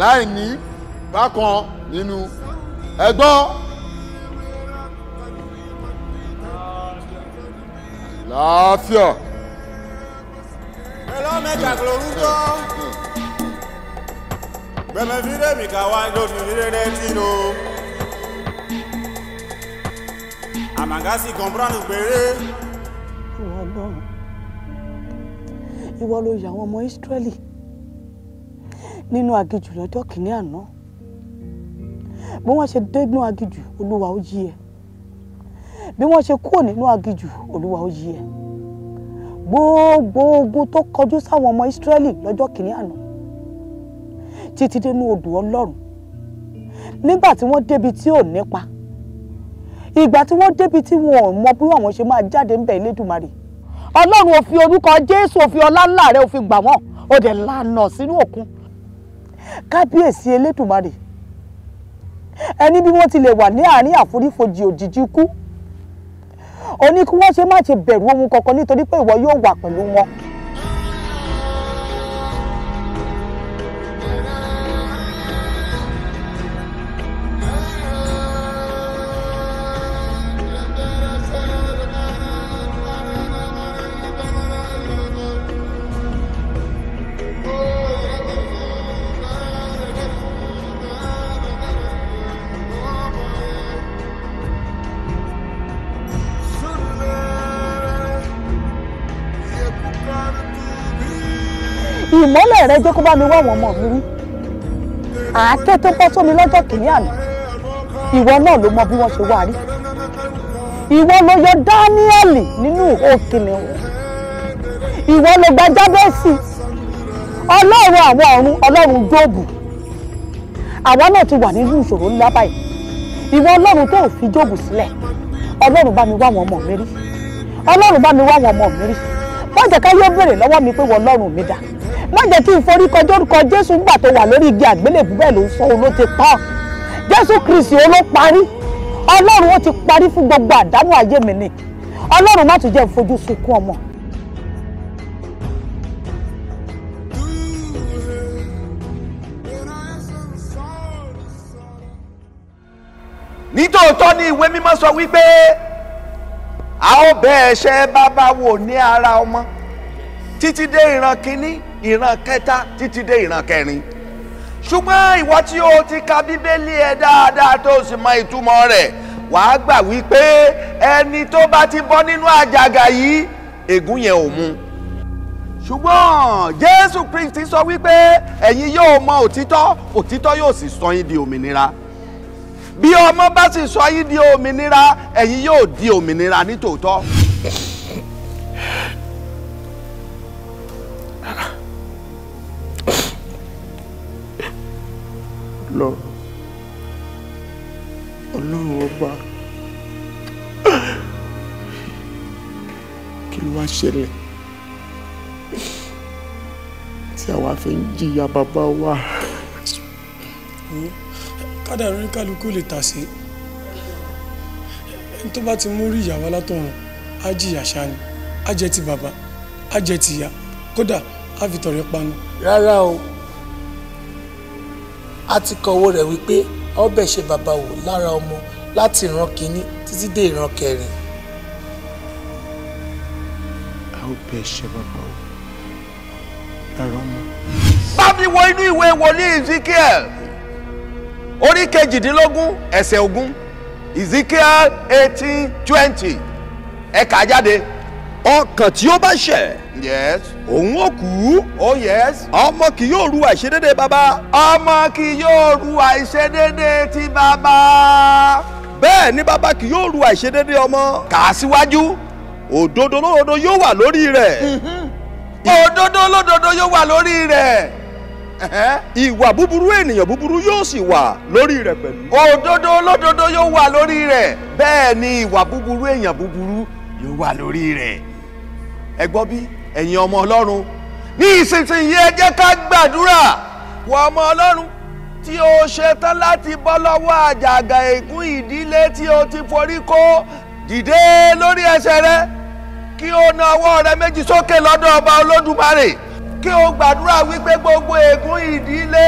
láì ní bákan nínú ẹgbọ́n. ìwọ ló yà àwọn ọmọ Ísírẹ́lì nínú aginjù lọ́jọ́ kìíní àná bí wọ́n ṣe dénú aginjù olúwa ó yí ẹ bí wọ́n ṣe kúrò nínú aginjù olúwa ó yí ẹ gbogbo ogun tó kọjú sáwọn ọmọ Ísírẹ́lì lọ́jọ́ kìíní àná títí dénú odò Ọlọ́run nígbà tí wọ́n débi tí ò nípa ìgbà tí wọ́n débi tí wọn ò mọ bí àwọn ṣe máa jáde ń bẹ Elédùmarè ọlọ́run ò fi orúkọ jésù ò fi ọlá ńlá rẹ ò fi gbà wọ́n ó dẹ̀ lànà sínú òkun kábíyèsí elédùmarè ẹni bí wọ́n ti lè wà ní àárín àforífojì òjijì kú ó ní kí wọ́n ṣe má ṣe bẹ̀rù ohun kankan nítorí pé ìwọ yóò wà pẹ̀lú wọn. jẹ́ kó bá mi wá àwọn ọmọ mi rí àáké tó bọ́ sómi lọ́jọ́ kìíní àná ìwọ náà ló mọ bí wọ́n ṣe wá rí ìwọ ló yọ Dáníẹ́lì nínú ìhó kìnìún ìwọ ló gba Jábẹ́sì ọlọ́run àwọn ọ̀run ọlọ́run Jóòbù àwa náà ti wà nínú ìṣòro ńlá báyìí ìwọ ọlọ́run tó ò fi Jóòbù sílẹ̀ ọlọ́run bá mi wá àwọn ọmọ mi rí ọlọ́run bá mi wá àwọn ọmọ mi rí wọ́n jẹ́ ká yóò béèrè lọ́wọ́ mi pé wọ́n ọlọ́run mi dà má jẹ́ kí n forí kọjọ́ orúkọ jésù gbà tó wà lórí igi àgbélébù bẹ́ẹ̀ ló ń sọ òun ló ti pa ọ́ jésù kristi òun ló parí ọlọ́run ó ti parí fún gbogbo àdánù ayé mi ni ọlọ́run má tún jẹ́ n fojú sunkún ọmọ. nítòótọ́ ni ìwé mímọ́ sọ wípé a ó bẹ ẹ̀ṣẹ̀ bàbá wò ní ara ọmọ títí dé ìran kínní ìran kẹta títí dé ìran kẹrin ṣùgbọ́n ìwọ tí o ti ka bíbélì ẹ dáadáa tó o sì mọ ìtumọ̀ rẹ̀ wàá gbà wípé ẹni tó bá ti bọ́ nínú àjàgà yìí ègún yẹn ò mu ṣùgbọ́n jésù kristi sọ wípé ẹ̀yin yóò mọ òtítọ́ òtítọ́ yóò sì sọ yín di òmìnira bí ọmọ bá sì sọ yín di òmìnira ẹ̀yin yóò di òmìnira nítòótọ́. lọ ọlọ́run ọba kí ló wá ṣẹlẹ̀ tí àwa fi ń jìyà bàbá wa. kádàrú ní kálukú lè tà sí ẹni tó bá ti mú rí ìyàwó látọ̀run á jìyà ṣáá á jẹ ti bàbá á jẹ ti ìyá kódà á fi tọrẹ panu. rárá o a ti kọ̀wé rẹ̀ wípé ọbẹ̀ ṣe bàbá wò lára ọmọ láti ìran kìíní títí dé ìran kẹrin. ọbẹ̀ ṣe bàbá wò lára ọmọ. bá mi wo inú ìwé wòlíì Ezekiel orí kejìdínlógún ẹsẹ̀ ogún Ezekiel eighteen twenty ẹ̀ka jáde. ọkàn tí ó bá ṣẹ̀ yes. òun ò kú. oh yes. ọmọ kì yóò ru àìṣedéédé bàbá. ọmọ kì yóò ru àìṣedéédé ti bàbá. bẹ́ẹ̀ ni bàbá kì yóò ru àìṣedéédé ọmọ. kà á síwájú òdodo lódodo yóò wà lórí rẹ̀. Mm-hmm. òdodo lódodo yóò wà lórí rẹ̀ ìwà búburú ènìyàn búburú yóò sì wà lórí rẹ̀ pẹ̀lú. òdodo olódodo yóò wà lórí rẹ̀ bẹ́ẹ̀ ni ìwà búburú èèyàn búburú yóò wà lórí rẹ̀ ẹ gbọ́ bí ẹ̀yin ọmọ ọlọ́run ní ìsinsìnyí ẹ jẹ́ ká gbàdúrà wọ ọmọ ọlọ́run tí o ṣetán láti bọ́ lọ́wọ́ àjàgà ègún ìdílé tí o ti forí kó dìde lórí ẹsẹ̀ rẹ kí o na ọwọ́ rẹ méjì sókè lọ́dọ̀ ọba olódùmarè kí o gbàdúrà wípé gbogbo ègún ìdílé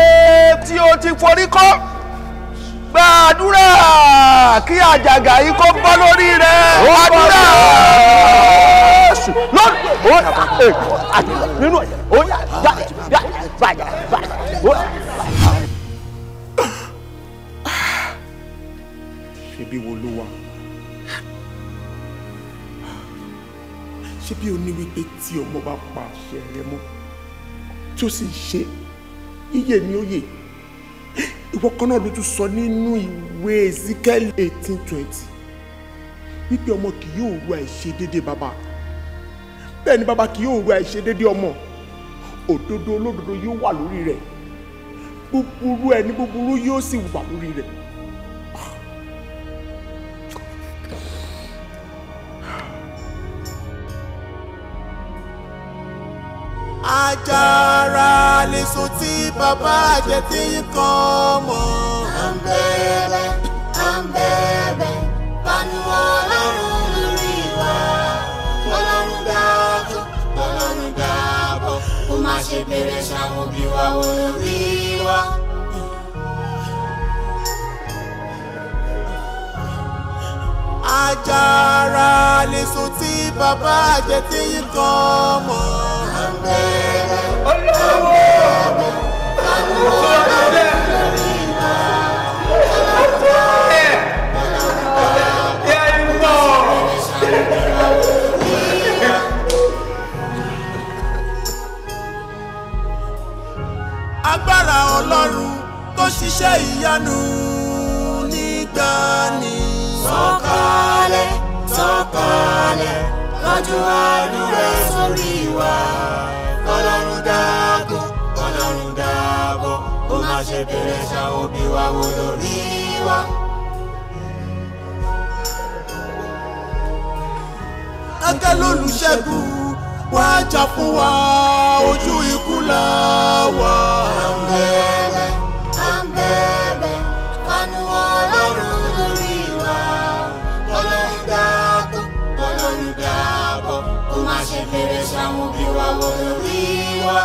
tí o ti forí kó gbàdúrà kí àjàgà yìí kó bọ́ lórí rẹ gbàdúrà jésù lórí ó yà àti nínú ọ̀yà ó yà jáde jáde bàjẹ́ bàjẹ́ ó ṣebí wo ló wà ṣebí o ní wípé tí ọmọ bá pa àṣẹ rẹ mọ́ tí ó sì ṣe iye ni ó yè ìwọ kan náà ló tún sọ nínú ìwé Ezekiel eighteen twenty wípé ọmọ kì yóò ru àìṣedéédéé bàbá bẹ́ẹ̀ ni bàbá kì yóò wá àìṣedéédé ọmọ òdodo olódodo yóò wà lórí rẹ̀ búburú ẹni búburú yóò sì wà lórí rẹ̀. ajara lèso tí bàbá àjẹtí ń kọ́ ọmọ. àǹbẹ̀rẹ̀ àǹbẹ̀rẹ̀. ṣe bèrè ṣàwọn òbí wa wò rí wa. àjàrà lèso tí bàbá àjẹtí yìí kan mọ́. àbẹ̀rẹ̀ olówó àbúrò rẹ̀. agbára ọlọ́run tó ṣiṣẹ́ ìyanu nígbàanì. sọ̀kalẹ̀ sọ̀kalẹ̀ lójú àánú rẹ̀ sórí wa kọlọ́run dáàbò kọlọ́run dáàbò ó má ṣe bèrè ṣá òbí wa wò lórí wa. akẹ́lẹ́ olùṣègùn wá jà fún wa ojú ikú la wà. àǹbẹ̀bẹ̀ àǹbẹ̀bẹ̀ kanu ọlọ́run lórí wa ọlọ́run dáàbò ọlọ́run dáàbò kó má ṣe fèrè sáwọn bí wa wọ lórí wa.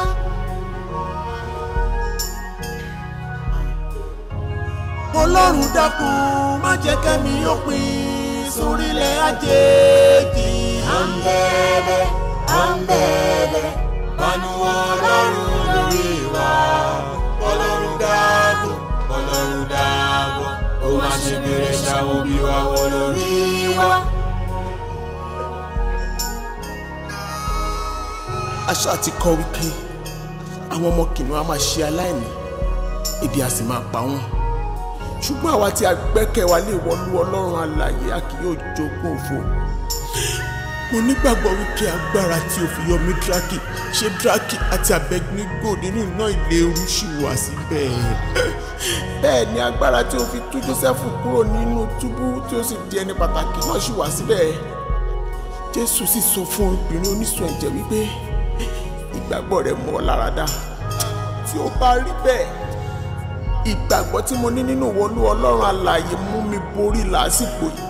ọlọ́run dákun má jẹ́ kẹ́mi ó pin sórílẹ̀ àjèjì. àǹbẹ̀bẹ̀. Ambele, ń bẹ̀rẹ̀ panu ọlọ́run lórí wa ọlọ́run dáàbò ọlọ́run dáàbò ó má ṣe bèrè ṣàwọn òbí wa wọ lórí wa. aṣọ àti kọ wípé àwọn ọmọ kìnìún á máa ṣe aláìní ebi a sì máa pa wọn ṣùgbọ́n àwa tí a gbẹ́kẹ̀ wa lè wọlú ọlọ́run alààyè a kì yóò jogún òfò mo nígbàgbọ́ wípé agbára tí o fi yọ mí draki ṣe draki àti abednego nínú iná ìléru ṣì wà síbẹ̀. bẹ́ẹ̀ ni agbára tí o fi tú jósẹ́fù kúrò nínú túbú tí o sì di ẹni pàtàkì náà ṣì wà síbẹ̀. jésù sì sọ fún obìnrin oníṣun ẹ̀jẹ̀ wípé ìgbàgbọ́ rẹ̀ mú ọ tí o bá rí bẹ́ẹ̀ ìgbàgbọ́ tí mo ní nínú wọnú ọlọ́run alààyè mú mi borí lásìkò yìí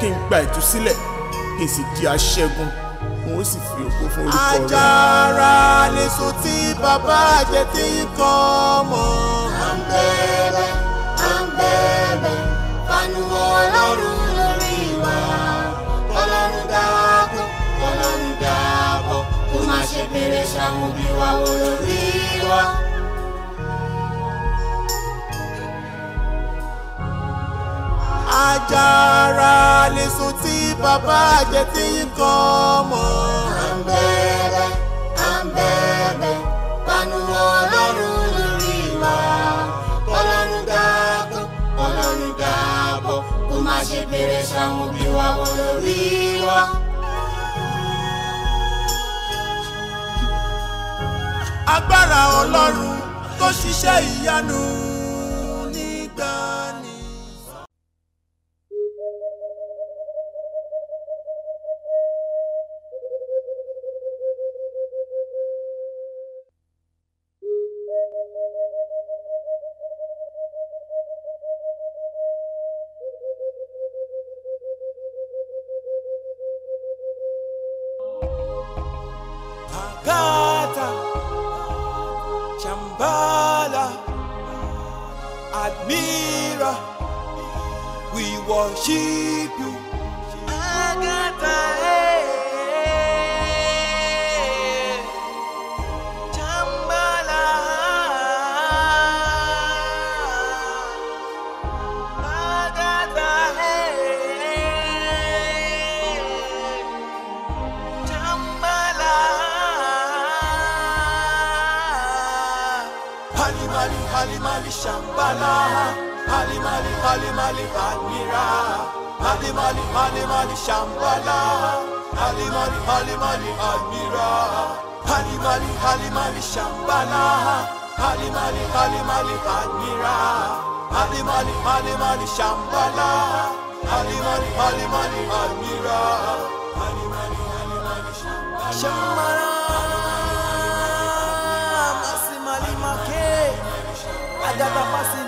kí n gba ìtúsílẹ̀ kí n sì di aṣẹ́gun n ó sì fi ògo fún orúkọ rẹ. àjàrà nìṣó tí bàbá àjẹ ti ń kọ́ ọmọ. à ń bẹ̀bẹ̀ à ń bẹ̀bẹ̀ fanu ọlọ́run lórí wa ọlọ́run dáàbò ọlọ́run dáàbò kó má ṣe bèrè ṣàwọn òbí wa wò lórí wa. àjàrà lèso tí bàbá àjẹ ti ń kọ́ ọmọ. àǹbẹ̀rẹ̀ àǹbẹ̀rẹ̀ panu ọlọ́run lórí wa ọlọ́run dàgbọ́ ọlọ́run dàbọ̀ kó má ṣe bèrè sáwọn òbí wa wọ́n lórí wa. agbára ọlọ́run tó ṣiṣẹ́ ìyanu. we worship you. Agatha, eh, Chambala, Agatha, eh, Chambala, Halimali, Halimali, Shambala. Mali Mali Mali Mali Admira Mali Mali Mali Mali Shambala Mali Mali Mali Mali Admira Mali Mali Mali Mali Shambala Mali Mali Mali Mali Admira Mali Mali Mali Mali Shambala Mali Mali Mali Mali Admira Mali Mali Mali Mali Shambhala Mali Mali Mali Adaba Pasini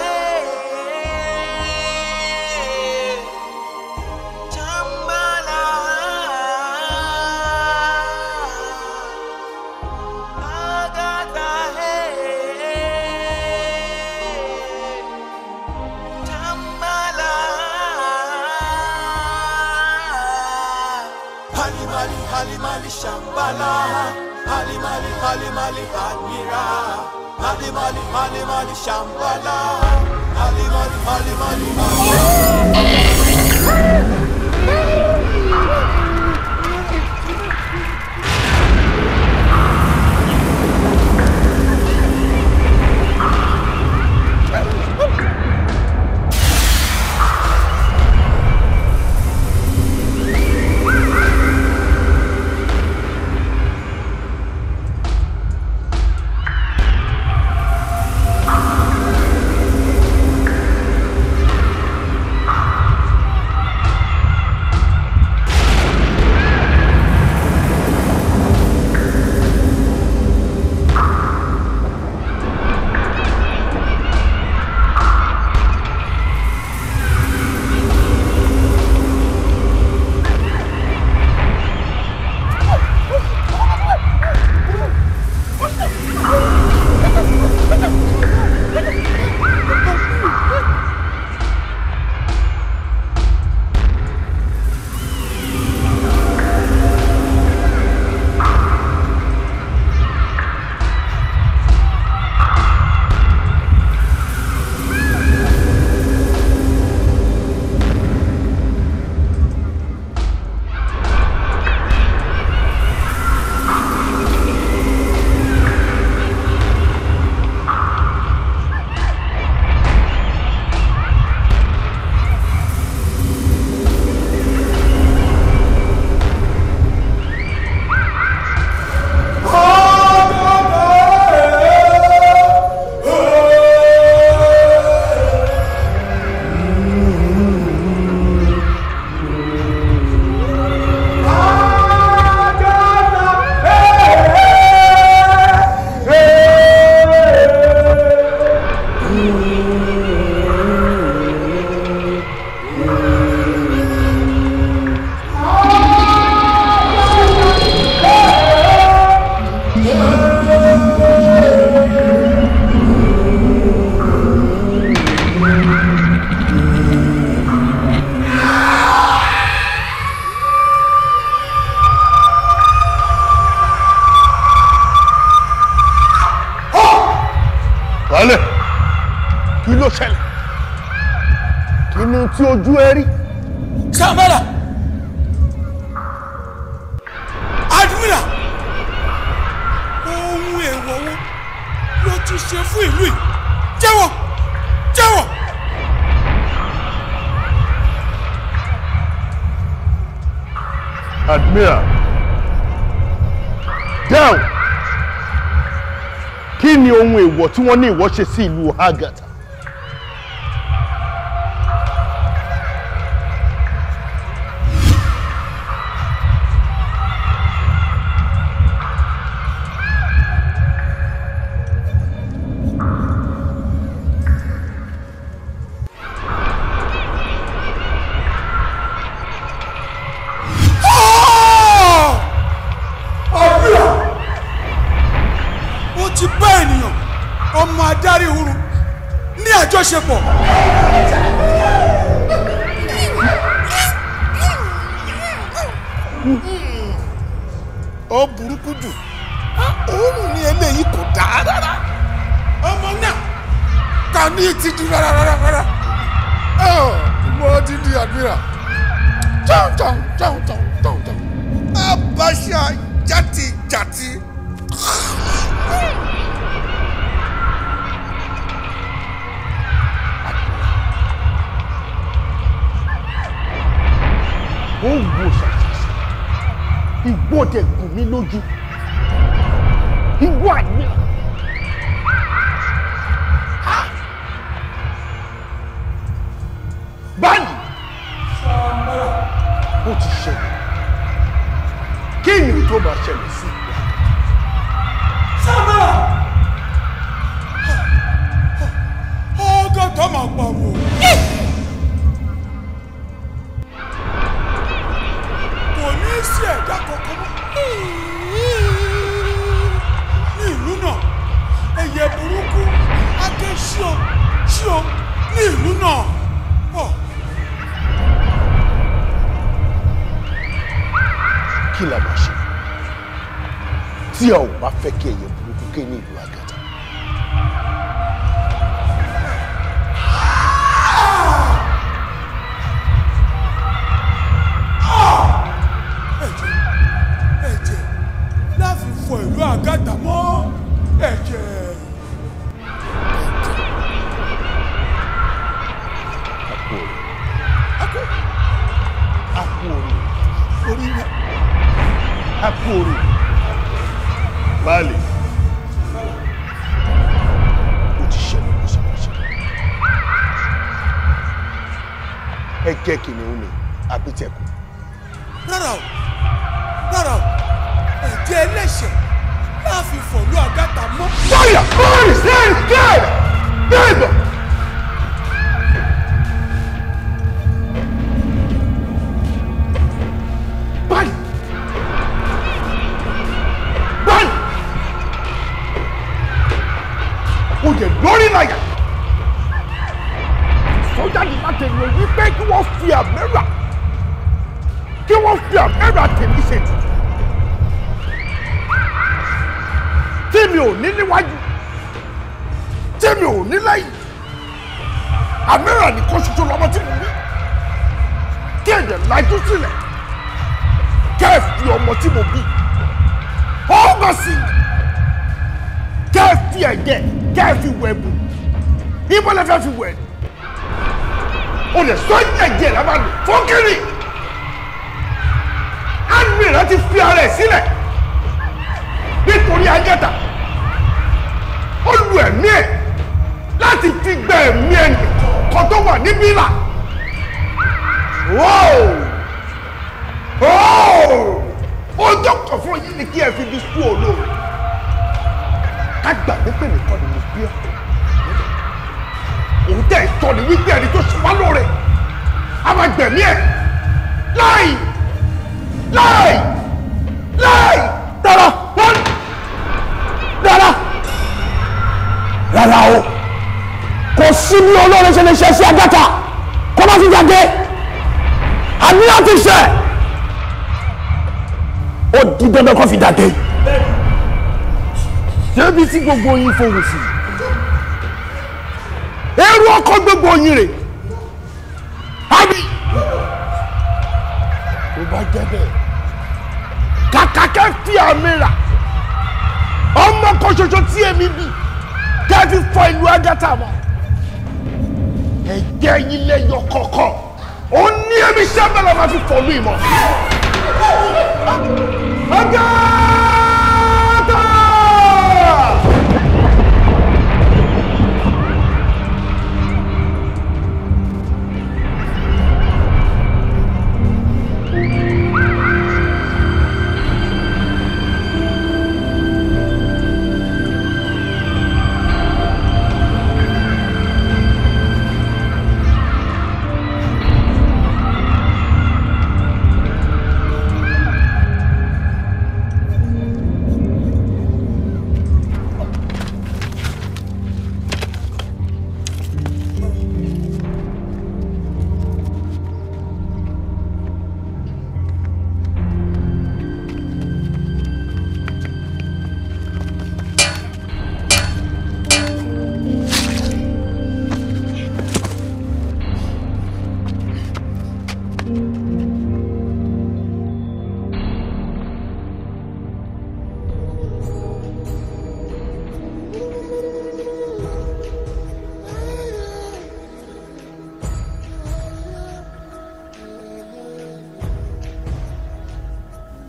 Shambhala, Mali Mali Mali Mali Admira, Mali Mali Mali Mali Shambala. Mali Mali Mali Mali Mira. Down. Kí ni ohun èèwọ̀ tí wọ́n ní ìwọ ṣe sí ìlú Haggart? láti ṣe ó di dandan kó fi dàdé débi tí gbogbo yín fohùn sí èrò ọkọ gbogbo yín rè àbí tó bá jẹ bẹ́ẹ̀ kàkà kẹ́ fi àmì rà ọmọ kan ṣoṣo tí èmi bì kẹ́ fi fọ ìlú Agartha mọ́ ẹ̀jẹ̀ yín lẹ́yọ kọ̀ọ̀kan ó ní ẹbí sábà la máa fi fọ̀lú ìmọ̀. ọ̀gá.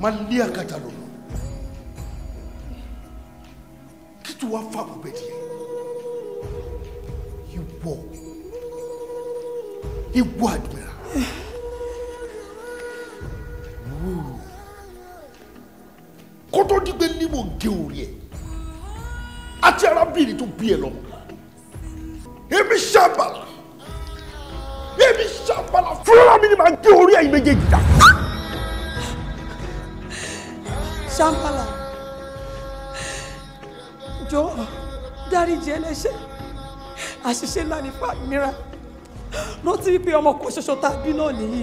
malia kata Shambhala jọ dáríjì ẹlẹ́ṣẹ̀ àṣìṣe ńlá ní fún àmìrà rántí wípé ọmọ kan ṣoṣo tá a bí náà nìyí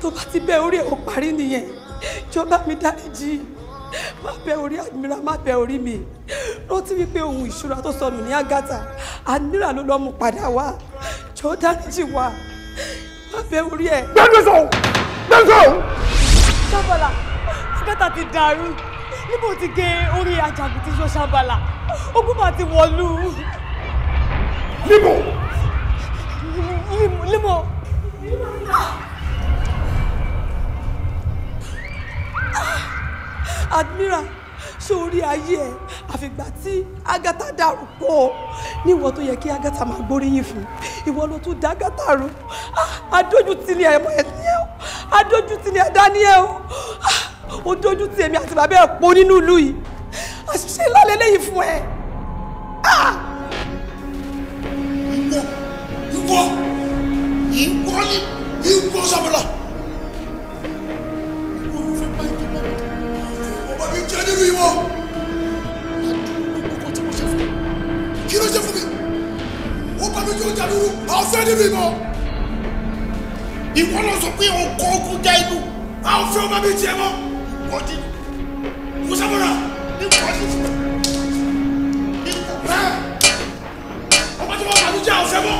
tó bá ti bẹ orí ẹ̀ ó parí nìyẹn jọba mi dáríjì má bẹ orí àdmírà má bẹ orí mi rántí wípé ohun ìṣúra tó sọnù ní Agatha àdmírà ló lọ́ mú padà wá jọ dáríjì wá má bẹ orí ẹ̀. gbẹ́dùn sọ̀hún gbẹ́dùn sọ̀hún. Shambhala kátà ti dàrú níbo ti gé orí ajagun ti ṣọṣàbàlà ogun bá ti wọlú. níbo. níbo. admiral sórí ayé ẹ àfìgbà tí agatha dàrú pọ̀ níwọ tó yẹ kí agatha máa gbóríyìn fún ìwọ ló tún dá agatha rú ah, adójútì ni ẹmọ ẹ ní ẹ o adójútì ni ẹ ní ẹ o. Ah, ó dójú tì èmi àti bàbá ẹ̀ pọ̀ nínú ìlú yìí àṣìṣe ńlá lélẹ́yìí fún ẹ. Ah! ìwọ ìwọ ìwọ ni ìwọ Ṣàmọ̀lá. ìwọ ló fẹ́ bá ìjọba ọba mi jẹ́ nínú ìwọ. kí ló jẹ́ fún mi ọba mi yóò jà lóru àwọn fẹ́ nínú ìwọ. ìwọ lọ sọ pé òun kọ́ ogun já inú àwọn fẹ́ ọba mi jẹ mọ́ body musamura ní body ní bẹ ọmọ tí wọn bá lójú àwọn fẹ́ mọ̀.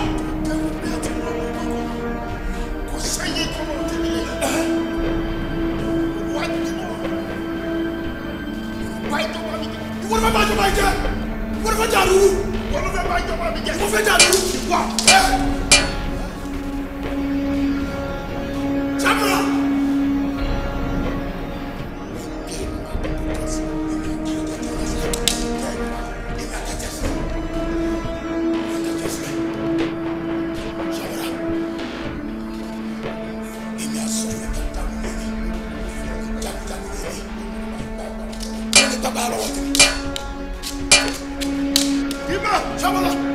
kò Come on.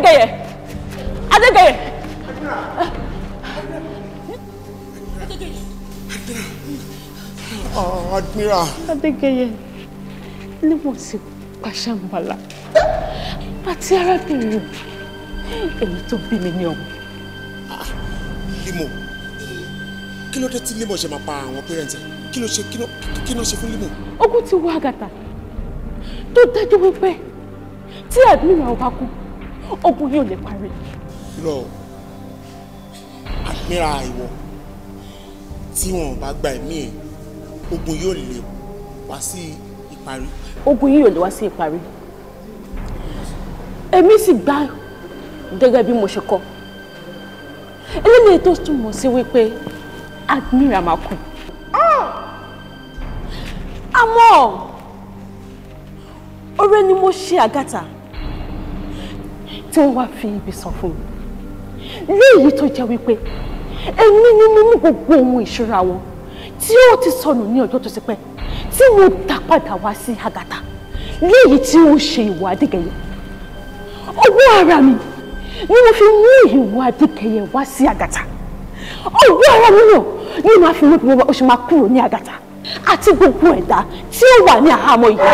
Adégayè Adégayè. Admira, Adégayè ni mo ti pàṣàmọ́lá àti arábìnrin èmi tó bí mi ní ọmọ. Limo kí ló dé tí Limo ṣe máa pa àwọn pẹ́rẹ́ǹtì kí ló ṣe kí ló ṣe fún Limo. ogun ti wá àgàtà tó dájú wípé tí Admiral ọba kú ogun yóò lè parí. lọ àpínra ìwọ tí wọn bá gba ẹ̀mí ẹ ogun yóò lè wá sí ìparí. ogun yìí yóò lè wá sí ìparí èmi sì gbà gẹ́gẹ́ bí mo ṣe kọ eléyìí tó túmọ̀ sí wípé admiral máa kú àmọ́ ọ̀rẹ́ ni mo ṣe àgàtà tí wọ́n wá fi ibi sọ fún mi léyìí tó jẹ́ wípé èmi ni mo mú gbogbo ohun ìṣúra wọn tí ó ti sọnù ní ọjọ́ tó ti pẹ́ tí mo dá padà wá sí àgàtà léyìí tí ó ń ṣe ìwà adìgẹyẹ ọwọ́ ara mi ni mo fi mú ìwà adìgẹyẹ wá sí àgàtà ọwọ́ ara mi náà ni màá fi wípé bó ṣe máa kúrò ní àgàtà àti gbogbo ẹ̀dá tí ó wà ní àhámọ́ yìí.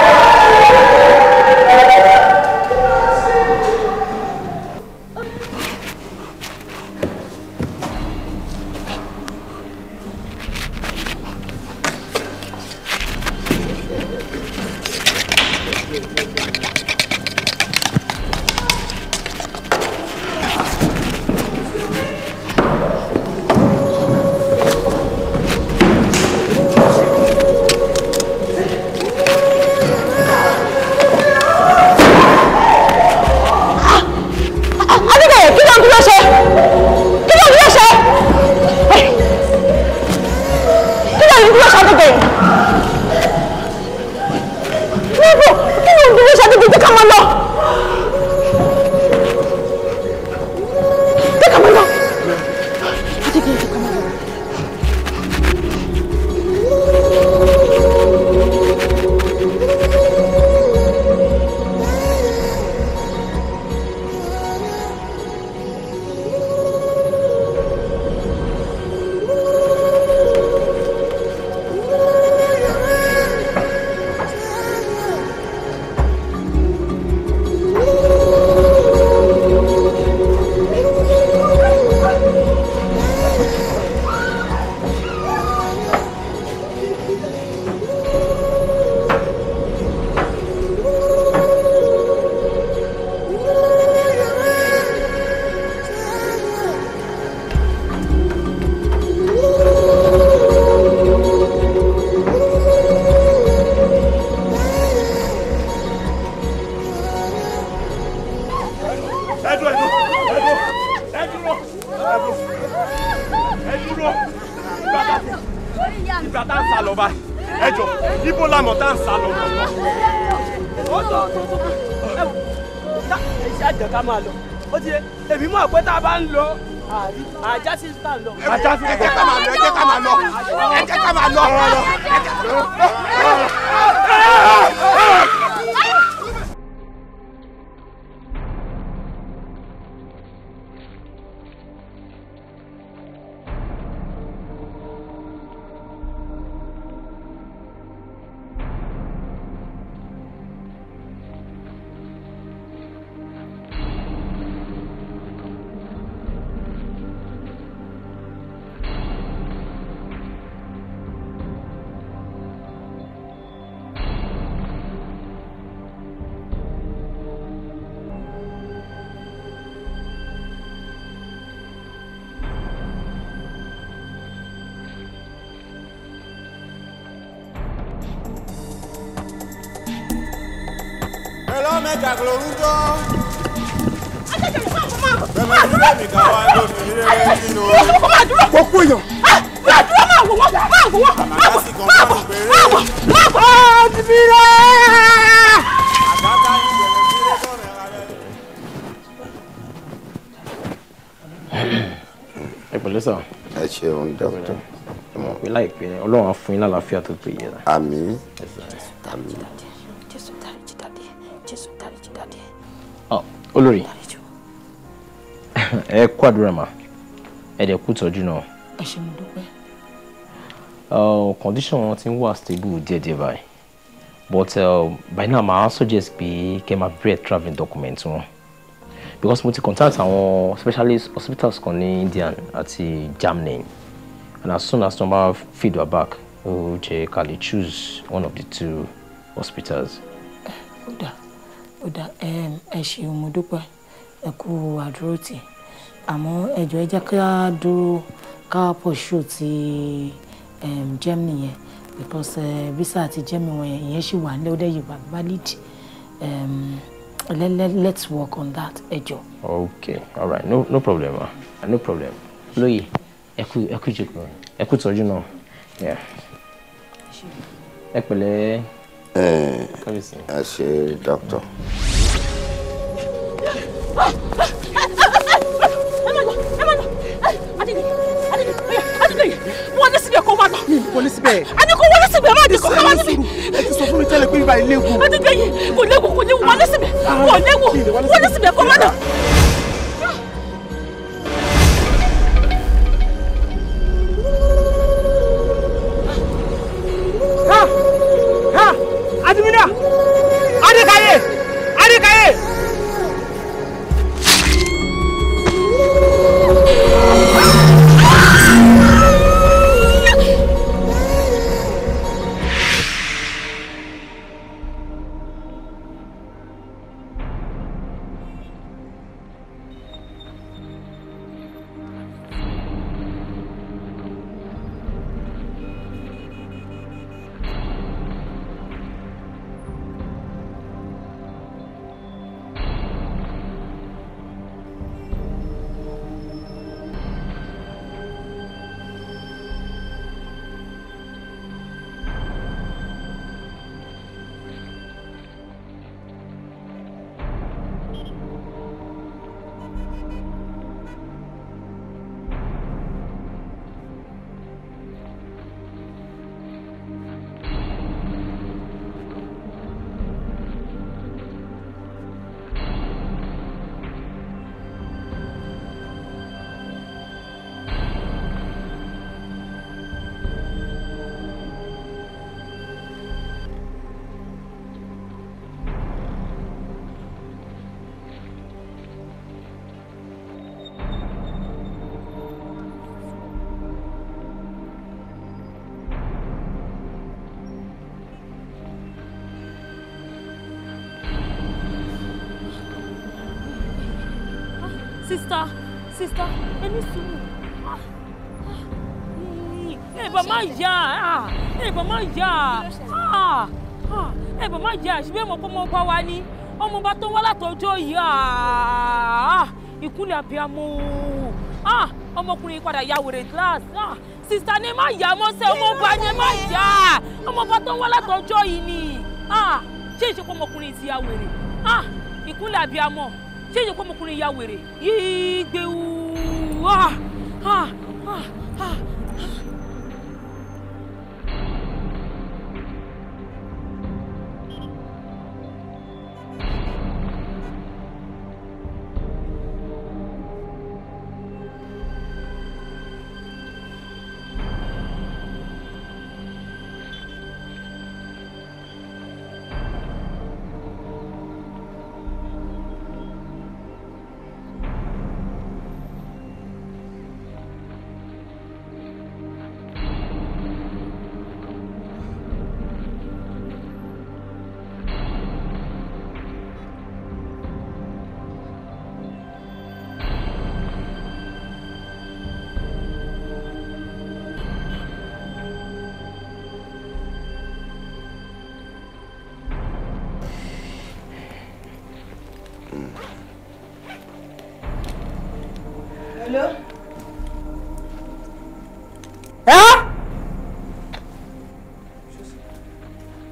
啊加速 àmín àmín. oh, dáríjì dádì quadrama. dáríjì dádì. olórí ẹ kú àdúrà mà ẹ dẹ̀ kú condition wọn ti ń wà stable díẹ̀díẹ̀ báyìí but uh, by now my suggest pé kẹ́ máa break travelling document wọn. because mo ti contact specialist hospitals kan ní India àti Germany and as soon as number feed wa back oje ká lè choose one of the two hospitals. Oda, Oda. Um, dà ẹ ṣeun mo dúpẹ́ ẹ kú àdúrótì àmọ́ ẹjọ́ ẹ Germany because eh, visa ati Germany wọn yẹn ìyẹn ṣì wà nílẹ̀ ó dẹ̀ let, let, let's work on that ejo. okay all right no, no problem ma no problem lóye ẹ kú ẹ kú jù Yeah ẹ pẹ̀lẹ́. ẹ ṣe dókítà. wọlé síbẹ̀ kó wá lọ. mi wọlé síbẹ̀. di kó ká wá mi tẹ́lẹ̀ pé ibà yìí léwu. a ti gbẹ̀yìn kò léwu kò léwu wọlé síbẹ̀ kò ah, léwu wọlé síbẹ̀ kó wá 阿弟妹。sista sista ẹni sùúrù ah, ah, mm, ẹ̀bà má yà ah, ẹ̀bà má yà ẹ̀bà má yà ṣùgbọ́n ẹ̀mọ̀ pé ọmọ ọba wa ni ọmọ ọba tó wá látọjọ́ yìí ìkúnlẹ̀ abiyamọ ọmọkùnrin padà ya wèrè class sista ni má yà mọ́sẹ̀ ọmọ ọba ni má yà ọmọ ọba tó wá látọjọ́ yìí ni ṣé ìṣepọ̀ ọmọkùnrin ti ya wèrè ìkúnlẹ̀ abiyamọ ṣé èyí pọ́nmọkùnrin ya wèrè yìí gbé wú. Ah, ah.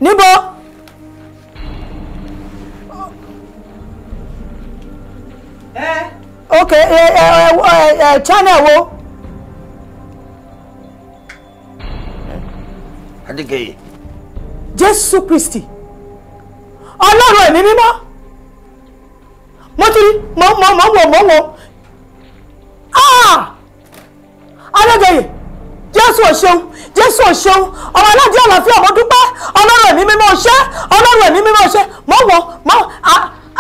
níbo. ẹ. ok ẹ ẹ ẹ ẹ channel wo. adékèyè. jésù kristi ọlọ́run ẹ̀mí mímọ́ mo ti mo mo mo wo mo wo ah adékèyè jésù o ṣeun jésù ò ṣeun ọmọ aládìí àlàáfíà mo dúpẹ́ ọlọ́run ẹ̀mí mímọ́ ṣẹ́ ọlọ́run ẹ̀mí mímọ́ ṣẹ́ mọ̀ wọ́n mọ̀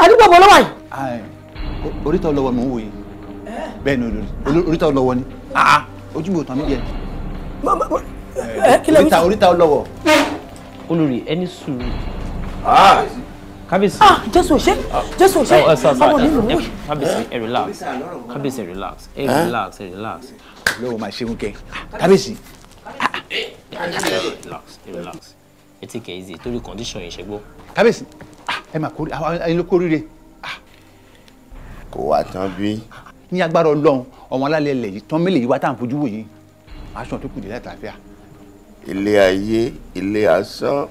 àdúgbò lọ́wọ́ yìí. oríta ọlọ́wọ́ mò ń wòye bẹ́ẹ̀ ni oríta ọlọ́wọ́ ni ojú mi ò tàn mí eh, jẹ. oríta oríta ọlọ́wọ́. olórí ẹni sùúrù. Ah. kábíyèsí. Ah, jésù ò ṣe jésù ò ṣe oh, eh, ọmọ mi eh, lò wọ́n. kábíyèsí ẹ relax kábíyèsí ẹ relax ẹ relax ẹ relax. lọ́wọ́ máa ṣe ń kẹ́ kábíyèsí relax relax ẹ ti kẹ̀ easy torí condition yìí ṣe gbọ́. kábíyèsí ah, ẹ máa kórè ah, ẹni ló kórìíre. Ah. kò wá tán bí. ní agbára ọlọ́run ọmọ alálẹ̀ ilẹ̀ yìí tán mélòó yìí wá tá à ń fojú wò yìí aṣọ tó kù dé látàáfíà. ilé ayé ilé asán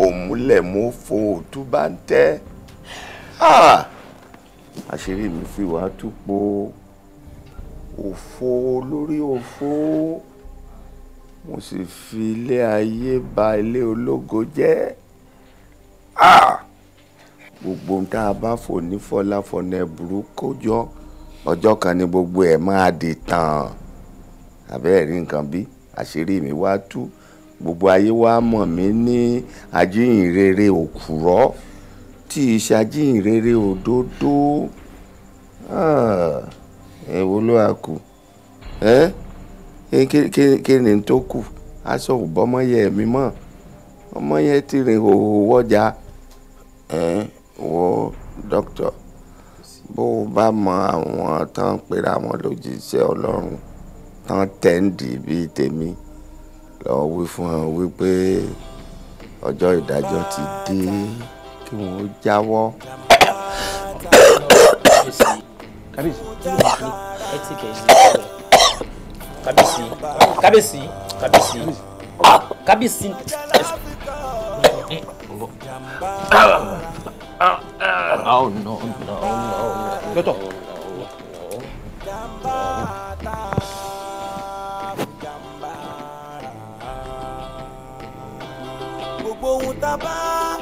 òmùlẹ̀mọ́fọ́ òtú bá ń tẹ́ àṣírí mi fi wàá túpọ̀ òfo lórí òfo mo sì fi ilé ayé ba ilé ológo jẹ́ gbogbo ohun tá a bá fò ní fọlá fọnà ẹ̀bùrú kó jọ ọjọ́ kan ni gbogbo ẹ̀ máa di tàn àbẹ́ẹ̀ rí nǹkan bí àṣírí mi wá tú gbogbo ayé wa mọ̀ mí ní ajíhìnrere òkùrọ́ tí iṣẹ́ ajíhìnrere òdodo èwo ló a kù ẹ́. Eh? kí ni tó kù aṣọ ò bọ́mọ yẹ mi mọ́ ọmọ yẹn ti rìn hòhò wọ́jà ẹ̀ wọ dókítà bó o bá mọ àwọn tán pera wọn lójíṣẹ́ ọlọ́run tán tẹ́ǹdì bíi tèmi lọ wí fún wọn wípé ọjọ́ ìdájọ́ ti dé kí o jáwọ́. kábíyèsí ẹ ti kẹ̀ ẹ́ sí ẹ kábíyèsí kábíyèsí kábíyèsí ah, kábíyèsí. Oh no no no. Dọ́tọ̀. Gbogbo ohun tá a bá.